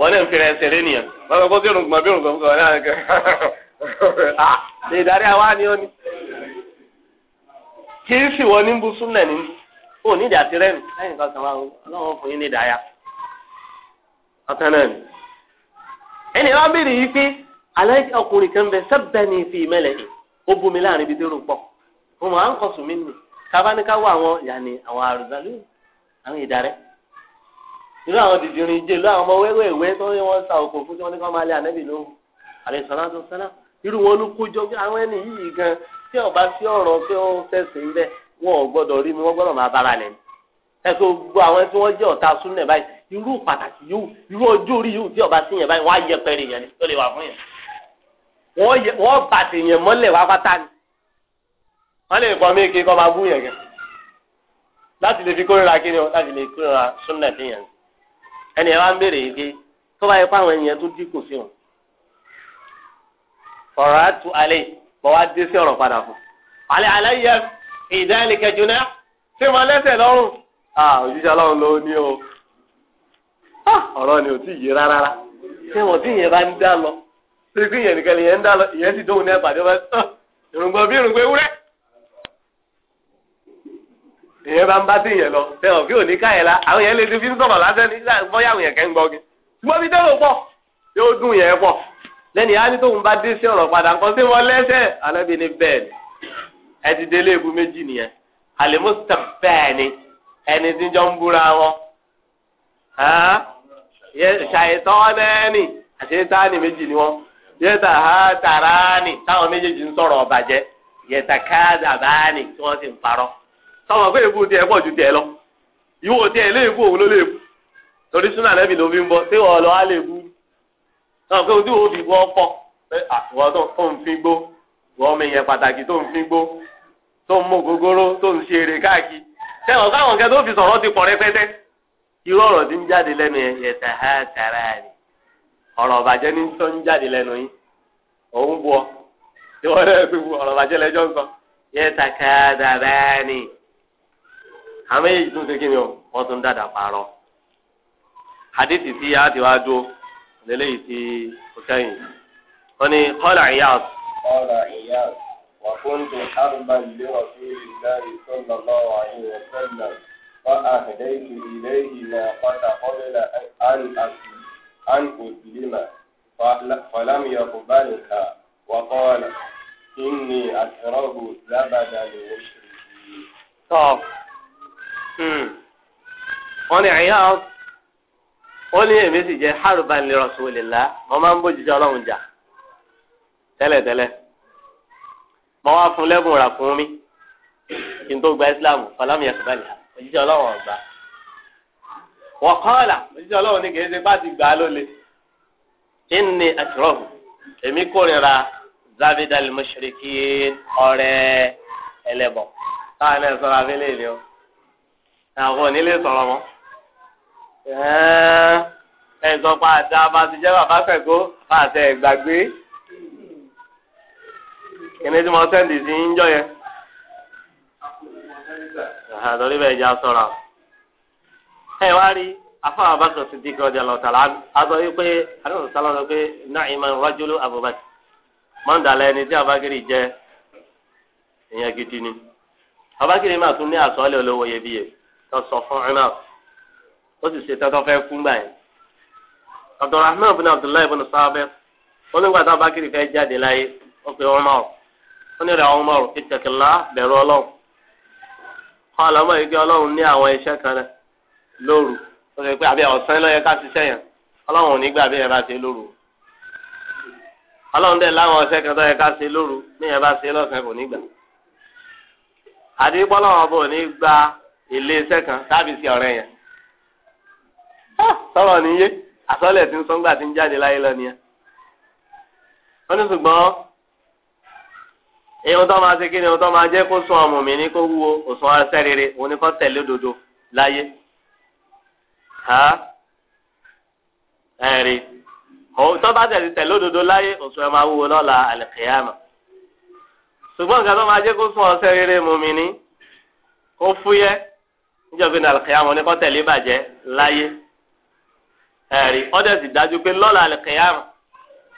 wọn náà ń fẹrẹ ẹsẹ rẹ nìyẹn wọn sọ pé ó dérùn gbọn bí òun gbọn gbọn náà kẹ ah lè darí àwa ni ó ní. kì í sì wọ ní busú náà ní ó nídìí àti rẹ́ẹ̀nì lẹ́yìn kan sàn wá ọlọ́run fún yín ní ìdáyà ọkùnrin kan bẹ sẹ́bẹ̀ fi mẹ́lẹ̀ yìí ó bomi láàrin ibi dérò pọ̀ mo máa ń kọ̀ mí nì kábáníkáwọ́ àwọn yàní àwọn àrùbá àwọn ìdarẹ́ irú àwọn dìdìrín jẹ irú àwọn ọmọ wẹ́wẹ́wẹ́ tó yẹ wọ́n sa òkò fún tí wọ́n ní kọ́ máa lé ànábì lóhùn àlẹ́ sọ́lá tó sẹ́lá irú wọn ló kójọ pé àwọn ẹni yìí gan tí ọba sí ọ̀rọ̀ pé ó ń fẹ̀sìn bẹ́ẹ̀ wọn ò gbọ́dọ̀ rí mi wọ́n gbọ́dọ̀ máa bára lẹ̀ ẹ tó gbọ́ àwọn tí wọ́n jẹ́ ọ̀tá súnlẹ̀ báyìí irú pàtàkì yòówù irú ọjọ́ orí yòówù tí ọba sí yẹn báyìí wọ́n á yẹ pẹ̀rẹ̀ yẹn tó lè wà fún yẹn wọ́n bá tèèyàn mọ́lẹ̀ wá pátá ni wọ́n lè pọ̀ mí kí kọ́ máa bú yẹn gan láti lè fi kórìíra kí ni o láti lè kórìíra súnlẹ̀ fi yẹn ẹni ẹ wá ń béèrè yìí pé tó bá yẹ kó àwọn ènìyàn tó dínkù sí wọn ọ̀rọ̀ á tu alẹ́ bọ̀ wá dé sí ọ̀rọ̀ padà fún alẹ́ alẹ́ yẹ ìdánilẹ́kẹ̀jù náà ṣé wọn lẹ́sẹ̀ lọ́rùn òjijì ọlọ́run ló ní o ọ̀rọ̀ ni ò tí yé rárá ṣé wọn tí ìyẹn bá ń dá lọ ṣé kí ìyẹn nìkan ìyẹn ń dá lọ ìyẹn sì dóhùn ní ẹ̀pàdé ọba irùngbọ̀n bí irùngbọ̀n ewúrẹ́ ìyẹn bá ń bá sí ìyẹn lọ tẹ̀wọ̀n kí òní káyẹ̀ la àwọn yẹn lè ti fi ń sọ̀rọ̀ lásán ní bóyá yẹn kẹ́ ń gbọ́ gẹ́ gbọ́ pọ̀ yóò dùn yẹn pọ̀ lẹ́ni á ní tóun bá dé sí ọ̀rọ̀ padà nǹkan sí wọn lẹ́sẹ̀ alẹ́bí ni bẹ́ẹ̀ ni ẹ ti délé ebu méjì nìyẹn àlèmọ́sítà bẹ́ẹ̀ ni ẹni tí jọ ń búra wọn ṣàìtọ́ nẹ́ẹ̀ni àṣetáni méjì ni wọn yẹta ha tààrà ni táwọn méjèèjì ń sọ̀rọ̀ ọ̀bàjẹ́ yẹta káàdà báà ni tí wọ́n sì ń parọ́. tọmọ pé èébú tiẹ̀ pọ̀ ju tiẹ̀ lọ ìwọ tiẹ̀ léèbú òun ló léèbú torí súnà lẹ́bi ló fi ń bọ́ ṣé wọ́n lọ á léèbú tọmọ pé ojú òbí wọ́n pọ̀ pé àwọn tó ń fi gbó mi pàtàkì tó ń fi gbó tó gogoro tó ń ṣe eré káàkiri káwọn sọ̀rọ̀ tí ń jáde yẹn ní sọ ń jáde òun àwọn èyí tún ṣe kí ni o wọ́n tún dàdà parọ́ hadithi tí a ti wá dúró lélẹ́yìí tí ó kẹ́yìn wọ́n ní kọ́là ìyáàt. kọ́là ìyáàt wà fún ti àrùbá ilé ọ̀sùn ìlàrí sọ́nà lọ́wọ́ àyẹ̀wò sẹ́nà wọ́n àhẹ́dẹ́ ìtù ilé ìlà pátá ọ̀bẹ̀là àn àti àn òsìlímà fọlámìyà kò bá nìka wà kọ́là kí ni àtẹ̀rọ̀bù lábàdàn ìwọ̀n ṣe. Hmm. wọ́n ní àyà ó ní èmi sì jẹ́ haruba ní rasulillah wọ́n máa ń bójútó ọlọ́run jà tẹ́lẹ̀tẹ́lẹ̀ mo wá fún lẹ́bùn rà fún mi kí n tó gba islam fọlámi yẹn ọlọ́run ọ̀gbà kọ́ọ̀là ní bá ti gbà á èmi kórìíra zavidal àwọn onílé sọ̀rọ̀ mọ́ ẹ sọ pé bàbá fẹ̀kó pàṣẹ ìgbàgbé kíni tí mo sẹ́ndì sí ń jọ yẹn jẹ́ ẹ wá rí afọ abakar sidik ọjà lọtàlá azọ yìí pé adúlọ sálọ sọ pé náà ìmọ̀ rajulu abubakar ẹni tí ìyẹn gidi ni máa tún ní àsọ́ọ́lẹ̀ olówó tó sọ fún ó sì ṣe tẹ́tọ́ fẹ́ kú gbà yẹn Abdulrahman bin Abdullahi bin Abakiri fẹ́ jáde láyé ó pe ó ní ìtẹ̀kìlá bẹ̀rù ọlọ́run kọ́ yìí kí ọlọ́run ní àwọn iṣẹ́ kan lóru ó sọ pé àbí ọ̀sán lọ́yẹ ká ṣiṣẹ́ yẹn ọlọ́run ò ní gbà bí ẹ bá ṣe lóru ọlọ́run dẹ̀ láwọn ọ̀sẹ̀ kan tó yẹ ká ṣe lóru bí ẹ bá ṣe kò ní gbà ní iléeṣẹ́ kan sáàbìsì ọ̀rẹ́ yẹn sọ̀rọ̀ níye àsọ̀lẹ̀ tí ń sọ́ngbà tí ń jáde láyé lọ nìyẹn wọ́n ní ṣùgbọ́n èèyàn tó máa ṣe kí ni èèyàn tó máa jẹ́ kó sún ọmọ mi ní kó wúwo òsùn aṣẹ́ rere òun ni kó tẹ̀lé òdodo láyé ẹ̀rí tó bá tẹ̀lé tẹ̀lé òdodo láyé òsùn ẹ̀ máa wúwo lọ́la àlẹ́kẹ̀yàmà ṣùgbọ́n nǹkan tó máa jẹ́ kó sún ọṣẹ́ rere mọ̀mí ni kó fúyẹ́ níjọba ní alìkèyàmọ ní kọ́tẹ̀lé bàjẹ́ láyé ẹ̀rí ọ̀dẹ̀ sì dájú pé lọ́la alìkèyàmọ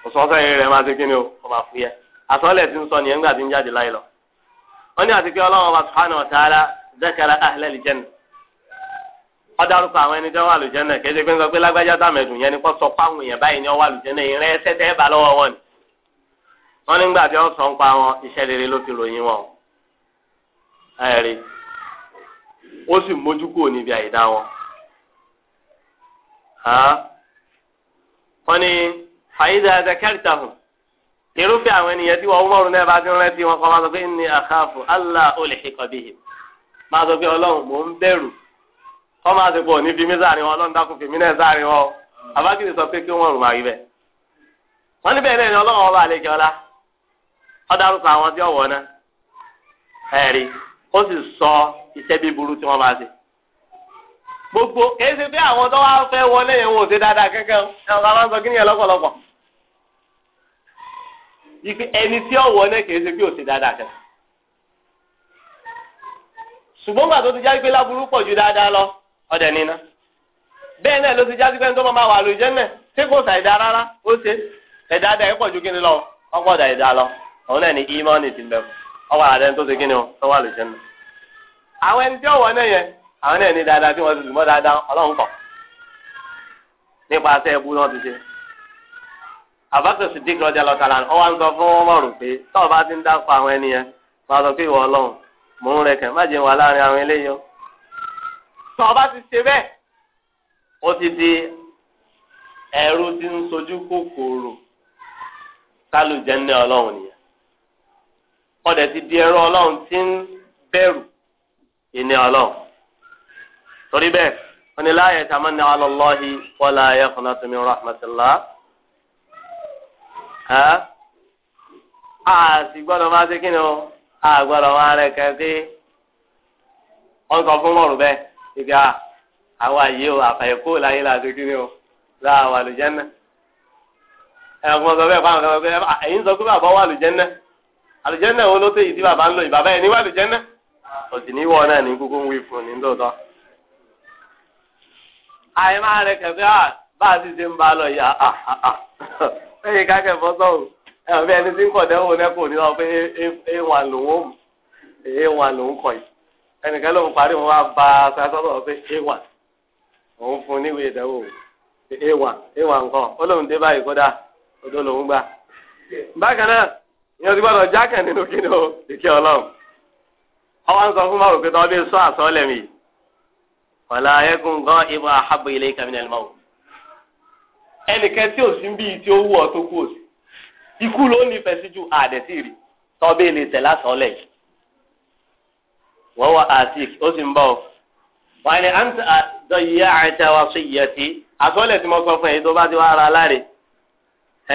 òsọ́sọ́ yìí rẹ̀ máa ti kí ni o ọba fúyẹ́ àsọ́lẹ̀ ti ń sọ nìyẹn ńgbà tí ń jáde láyé lọ. wọ́n ní àti pé ọlọ́run ọba subhanahu wa ta'ala zakara ahlẹ́ alìjẹ́nà ọ̀dàrúkọ àwọn ẹni tẹ́ wà lùjẹ́nà kéde pé ń sọ pé lágbájá tàmẹ̀dùn yẹn ni kò sọ páwọn èèyàn báyìí ni o sì mójú kúrò níbi àìdá wọn. wọ́n ní fàyídà àdàkẹ́rìtà hù irúfẹ́ àwọn ènìyàn tí wọ́n Umaru náà bá ti rántí wọn kọ́ máa sọ pé ní àkàfù Allah ó máa sọ pé ọlọ́run mò ń bẹ̀rù kọ́ máa sọ pé òní mí wọn ọlọ́run náà wọn sọ pé kí wọ́n rùn bẹ́ẹ̀. wọ́n náà ni ọlọ́run ọba àlejò ọlá dárúkọ àwọn tí ọ̀wọ́ iṣẹ́ bí burú tí wọ́n máa ṣe. gbogbo kìí ṣe pé àwọn tó wáá fẹ́ wọlé yẹn wò ṣe dáadáa kankan àwọn kan máa ń sọ kíni yẹn lọ́pọ̀lọpọ̀. ife ẹni tí ó wọ náà kìí ṣe pé ò ṣe dáadáa kankan. ṣùgbọ́n gbàtó ti jáde pé láburú pọ̀ ju dáadáa lọ ọ̀dẹ̀ nínú. bẹ́ẹ̀ náà ló ti jáde pé tó máa wà lójú ẹ̀ náà ṣé kò ṣàìdá rárá ó ṣe ẹ̀dá dáa ẹ̀ pọ̀ ju kíni lọ ọ̀pọ̀ ọ̀dà ìdá lọ òun náà ní ímọ́ọ̀nì ti bẹ̀rù ọwọ́ àdẹ́ni tó ṣe kíni o tó wà lójú ẹ̀ náà. àwọn ẹni tí ó náà yẹn àwọn náà ní dáadáa tí wọ́n ti dùnmọ́ dáadáa ọlọ́run kọ̀ nípasẹ̀ ẹbú náà ti ṣe. àbákò sídìí kí ọjà lọ́tàlá ọ wá ń pé ti ń dáko àwọn ẹni yẹn sọ pé ìwọ mò ń má jẹun wà láàrin àwọn ti ṣe bẹẹ. ó ti di ń sojú kòkòrò ní ọlọ́run di ọlọ́run ti ń ìní ọlọ́run torí bẹ́ẹ̀ wọ́n ní láàyè tá a máa ní alọ́lọ́hì wọ́lá ayé fún náà tómi rahmatulá. a sì gbọ́dọ̀ máa ṣe kíni o a gbọ́dọ̀ máa rẹ̀ kẹ́sí wọ́n sọ fún mọ̀rù bẹ́ẹ̀ ìgbà àwọn àyè o àfàyèkó láyé láti kíni o láwọn àlùjẹ́nà ẹ̀gbọ́n sọ bẹ́ẹ̀ fáwọn ọ̀gá ẹ̀yìn sọ pé bàbá wà àlùjẹ́nà àlùjẹ́nà wo ló tẹ̀yìn tí bàbá ń lò yìí bàbá ẹ̀ ní wà àlùjẹ́nà òsì ní wọ́n náà ní kúkú ń wí fún ní tòótọ́. àyè máa rẹ kẹfẹ́ à ah, bá a sì ṣe ń bá a lọ yà á ẹ̀yìn kákẹ́ fọ́ sọ́hùn ẹ̀ ọ̀bẹ ẹni tí ń kọ̀ dẹ́wọ̀n náà kò ní lọ pé a one lòun ó mú a one lòun kọ̀ yìí ẹnìkan lòun parí wọn wá ba sasọ́tọ̀ pé a one òun fún níwèé ìdánwò a one a one nǹkan ó lóun dé báyìí kódà odó lòun gbà. bákan náà ìyẹn ti gbọ́dọ̀ jákè nínú kí ni ó ìkẹ́ ọlọ́run ọwọ́ ń sọ fún báwo pé tọ́ bí sọ àsọ́lẹ̀ mi wàlá ayẹ́kùn gan ibà àhábò ilé ìkàmínà ẹ̀ máa wò. ẹnìkan tí òsì ń bí tí ó wù ọ́ tó kú òsì ikú ló nífẹ̀ẹ́ sí ju àdẹ̀sí rí tọ́ bí ilé tẹ̀ lásọ̀ọ́lẹ̀ yìí. wọ́n wá ó sì ń bọ̀ ọ́. wà ní àǹtí àdọ̀yẹ àìtẹ́ wa sí iyẹ̀ tí àsọ́lẹ̀ tí mo sọ fún ẹ̀yin tó bá ti wá ara láre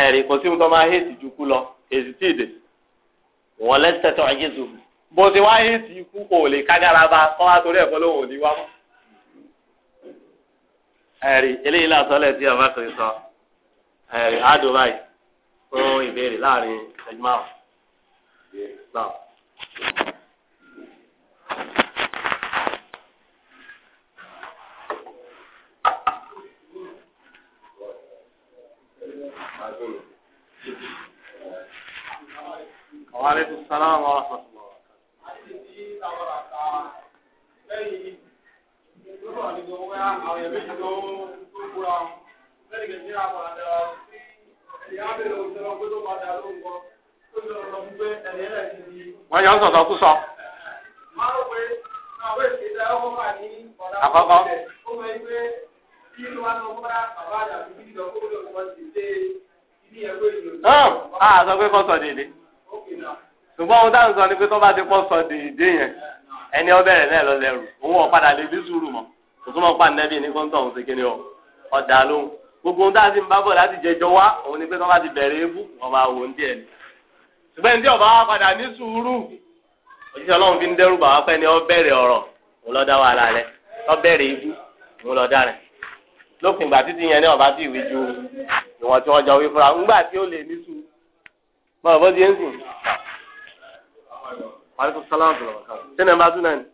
ẹ̀rí kò sí nǹkan máa hẹ́ẹ̀sì ju kú lọ èsì tí ì bó ti wáyé sí ikú kò lè kágára bá kọ́ wá torí ẹ̀kọ́ lóhùn òní wá mọ́. ẹ̀rí eléyìí làásọ̀lẹ̀ tí ọba kiri sọ ẹ̀rí àdó báyìí fún ìbéèrè láàrin ẹ̀jùmá ọ̀. Wa alaikum salaam wa bóyá àwọn èèyàn méjì tó ń kúra wọn lẹ́yìn kejì náà padà sí ẹ̀yà abẹ́rẹ́ òṣèlú ọgbẹ́ tó di. wọ́n yọ sọ̀tọ̀ kú sọ. máa ń pè àwọn èsì ìdá ọkọ̀ máa ní ọ̀dà àkọ́kọ́ ó mọ ẹgbẹ́ a sọ pé kọ́ sọ dèdè. ṣùgbọ́n ohun táwọn sọ ni pé tó bá ti pọ́ sọ dèdè yẹn ẹni ọbẹ̀ rẹ̀ náà lọ lẹ́rù òun ọ̀ padà lè bí sùúrù mọ́ òtúmọ̀ pa nẹ́bí ní kóńtọ̀ ọ̀hún ṣèkéde ọ ọ̀dà lóhùn gbogbo ohun tá a ti ń bá bọ̀ láti jẹjọ wá òun ni pé tọ́ba ti bẹ̀rẹ̀ ebú ọba wò ń díẹ̀ ni ṣùgbọ́n ní tí ọba wa padà ní sùúrù òṣìṣẹ́ ọlọ́run fi ń dẹ́rù bàwá pẹ́ ni ọ bẹ̀rẹ̀ ọ̀rọ̀ òun lọ́ọ́ dá wàhálà rẹ ọ bẹ̀rẹ̀ ebú òun lọ́ọ́ dá rẹ lópin ìgbà títí yẹn ní ọba tí ìwé ju ìwọ̀n tí wọ́n jọ wí fúnra ńgbà tí ó lè ní sùúrù mọ̀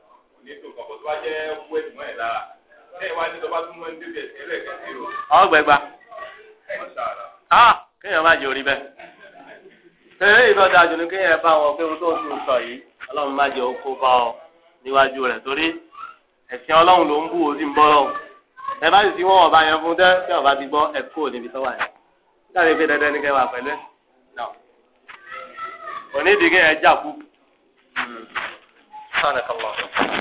ní tó kọ̀kọ̀ tó bá jẹ́ owó ẹ̀dùnmọ́ ẹ̀ lára ṣé ní kéèyàn bá wọn pé ohun tó ń sọ yìí ọlọ́run má jẹ okó bá ọ níwájú rẹ̀ torí ẹ̀sìn ọlọ́run ló ń bú òsì ń bọ́ lọ́wọ́ ẹ bá sì sí wọn ọba yẹn fún tẹ́ tí ọba ti gbọ́ ẹ̀ kó níbi tọ́wà yẹn láti fi dandan ní kẹwàá pẹ̀lú ẹ̀ onídìí kéèyàn jà kú. سبحانك اللهم